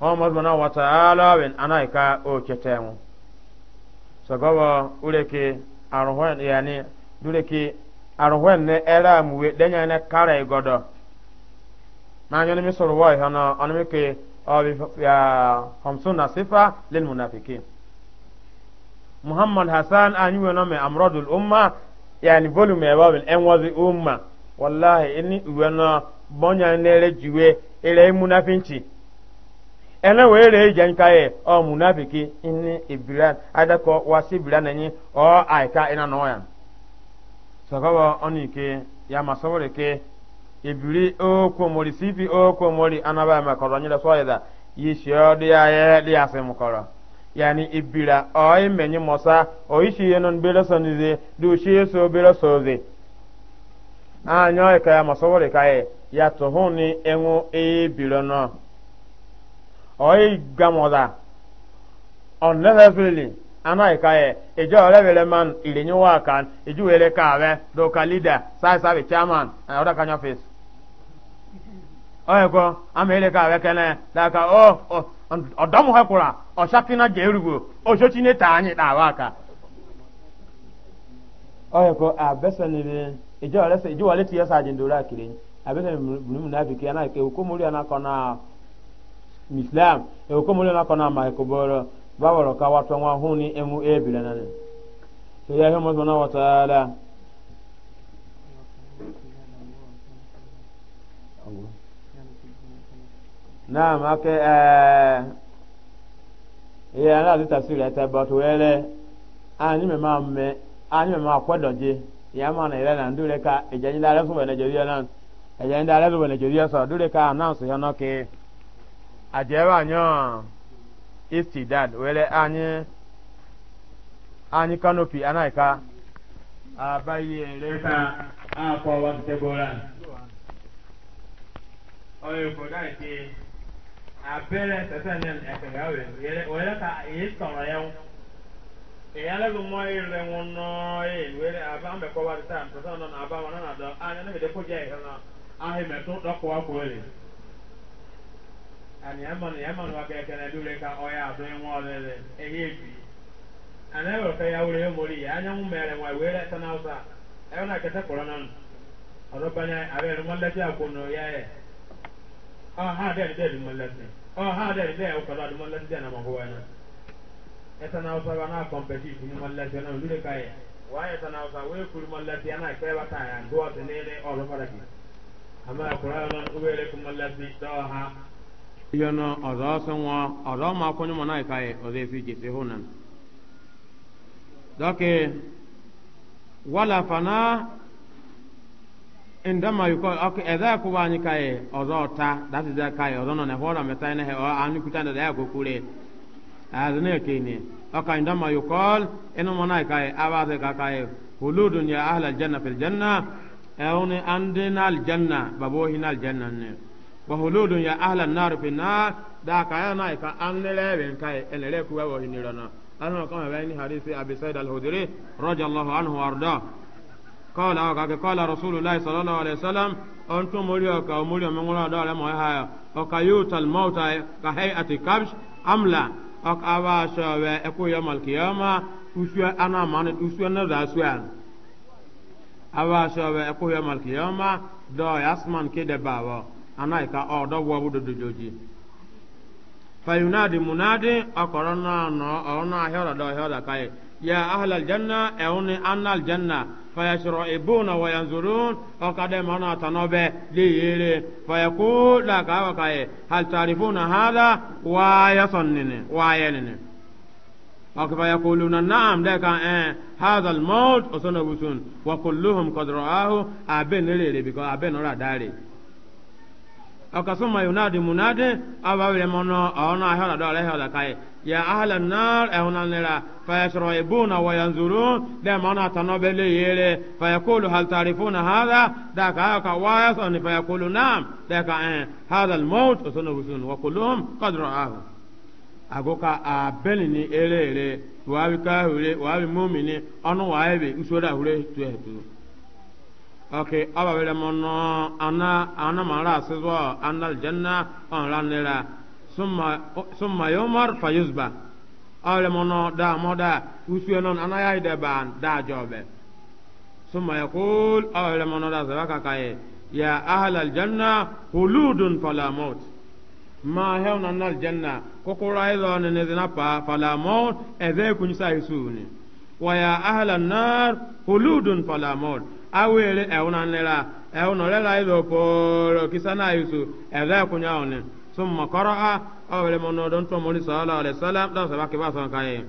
Muhammad mana wa ta'ala ana anaika o ketemu sagoba ureke arhoen yani dureke arhoen ne era muwe denya ne kara igodo na nyo ni misoro wa hana anmi ke abi ya Homsun nasifa lil munafiqin Muhammad Hassan anyiwe no me amradul umma yani volume wa bin enwazi umma wallahi ini uwe no bonya nere jiwe ile munafinchi ene wee ree jan e, ka ye o munafiki inni ibran ada ko wasi ibran ni o aika ina no yan sababa oni ke ya masawre ke ibri o ko mori sifi o ko mori anaba ma ko ranyira so ya yi shodi ya ye li asem koro yani ibira o imenyi mosa o ishi yenon bela sonize du shi so bela soze anyo ka ya masawre ka ye ya tohuni enwo e biro no oyi gamoda unnecessarily ana ikaye ijo olebele man irinyi wa iji were wele kawe doka leader sai sabi chairman and other kind of face oyeko ama ele kawe kene daka o ọdọmụ ha kwụrụ ọchapịna ga-erugbo ochochine ta anyị na-awa aka oyeko abesanire ijo olese ijo wale tiye sajin dora akiri abesanire munafiki ana ike ukomori anakọ na mislam ewu ko mulina kona ma ko boro baworo ka wato wa huni emu e bilana ne to ya hemo zona wa taala naam ake eh ya na ta sura ta ba to wele ani me ma me ani me ma kwadoje ya ma na ile na ndure ka ejanyi dare so wa Nigeria na ejanyi dare so wa Nigeria so dure ka announce ya no ke okay. anyị anyọ́ istidad wẹ́lẹ́ anyị anyị kanopi anaghịka abaghị ere ka akwa wasitebora oye ko dai abere wele ka e tọrọ ya e ya lebe mo ire wọn no e wele aba mbe ko wa na wọn na do anya na be de na ahe me ani ɛmɔnu ɛmɔnu wa kɛkɛ na ɛdule ka ɔya adu ɛŋɔ ɔlɛlɛ ɛyɛ ebi ana ɛwɔ kɛ yawuli ɛmɔli yɛ anyanwu wa ewe lɛ tɛn awusa na kɛtɛ kɔlɔ nɔnu abe ɛdi mɔlɛ ti ako no ya yɛ ɔ ha de ɛdi de ɛdi mɔlɛ ti ha de ya de ɛwɔkɔlɔ ɛdi mɔlɛ ti de ɛnama ko wɛna ɛtɛn awusa wa n'a kɔmpɛti fi mɔlɛ ti ɛna olule ka yɛ wa yɛ tɛn awusa wo ekuru mɔlɛ ti ɛna kɛ ba ta yɛ a do ɔsi ne yɛ ɔlɔ fara ki ama ɛkura yɛ lɔn ubere kumɔlɛ ti ha. yono ọzọ sọnwa ọzọ ma kwụnye mọ naịka ya ọzọ esi jesi hụ na dọkị wala fana ndama yukọ ọkụ ẹzọ akwụwa anyị ka ọzọ ọta dati ka ọzọ nọ na hụọrọ ihe ọ anyị kwuta ya azụ na-eke ọka ndama ịnụ mọ naịka ka ya aljanna fil na aljanna babu ohi na aljanna wa huludun ya ahla nar fi nar da ka ya na ka an lele ben kai en lele ku wa hin rana an ko ma bayni hadisi abi sa'id al-hudri radiyallahu anhu warda qala ka ka qala rasulullah sallallahu alaihi wasallam antum muriyo ka muriyo men ngona da le mo ha o ka yutal mauta ka hayati kabsh amla o ka wa sha wa e ku yamal qiyama usu ana man usu na da su awa sha wa e ku yamal qiyama do yasman ke de bawo ana ka ọdọ wọbụ dododoji fayunadi munadi ọkọrọ nọ ọrụnọ ahịa ọdọ ọhịa ọdọ kaị ya ahla aljanna ẹwuni anna aljanna fayasoro ibu na wayanzurun ọkadẹ mọnà tanọbẹ leyere fayaku laka awọ kaị hal tarifu na hada waya sọnnini waya nini فيقولون نعم لك آه هذا الموت وسنبوسون وكلهم قد رآه أبن ليلي بكو أبن رأى داري akasoma yunadi munadi abawire mono aona ahala do ala hala kai ya ahla nar ehuna nira fayashrabuna wa yanzurun da mana tanobele yele fayaqulu hal tarifuna hadha da ka ka wayas an fayaqulu nam da ka eh hadha al maut usunu usun wa kulluhum qad ra'ahu agoka abelini ere ere wawi kahule wawi mumini onu waebe usura hure tu etu ok aba wele mono ana ana mara sizo anna aljanna on ranira summa summa yomar fayuzba awle mono da moda usu non ana ya ide ban da jobe summa yaqul awle mono da zaka kaye ya ahl aljanna huludun fala maut ma hewna nal janna kokora izo ne ne na pa fala maut eze kunsa isuni wa ya ahl an huludun fala maut awere ewuna nlera ewuna lela ido poro kisana yusu eze kunya one summa qara'a awere mono don to moni sallallahu alaihi wasallam da sabaki ba san kai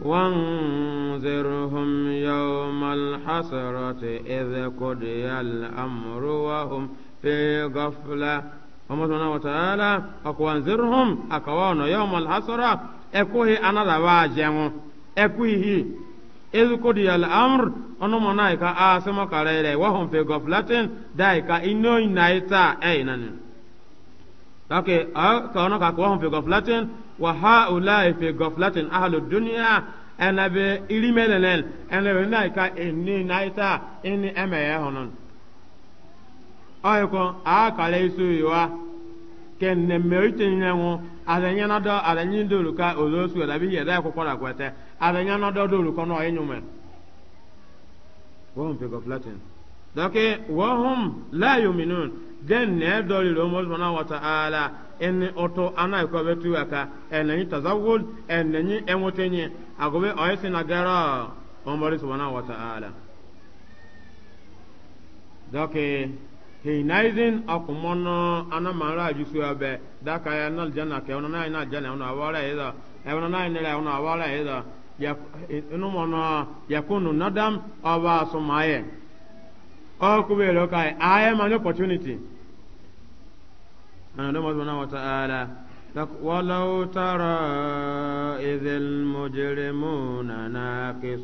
وانذرهم يوم الحسرة إذ قضي الأمر وهم ezu kudi al ọnụ ono mona ka a sama karere wa hum fi gaflatin dai ka ino inaita ainan e take a ka ono ka wa hum fi gaflatin wa haula fi gaflatin ahlu dunya anabe irimelenen anabe nai ka na-eme inni inaita inni emeye honon ayiko a kare isu yiwa kenne mmewi tinyenwu ala nyana do ala nyindolu ka ozo su da bi yeda ko na kwete abenya na dodo ru kono ayi nyume wahum fi gaflatin dake wahum la yuminun den ne doli lo mo zona wa ta'ala en oto ana ko betu aka en ni tazawul en ni enwotenye agobe oyese na gara omori subhana wa ta'ala dake hinaizin akumono ana mara ajusu abe daka ya na aljanna ke ona na na aljanna ona awara ida ona na ina ona awara ida numono yakunu nadam oba sumaye okubelo kai aye man opportunity ana domo subhanahu wa ta'ala ولو ترى إذ المجرمون ناقصون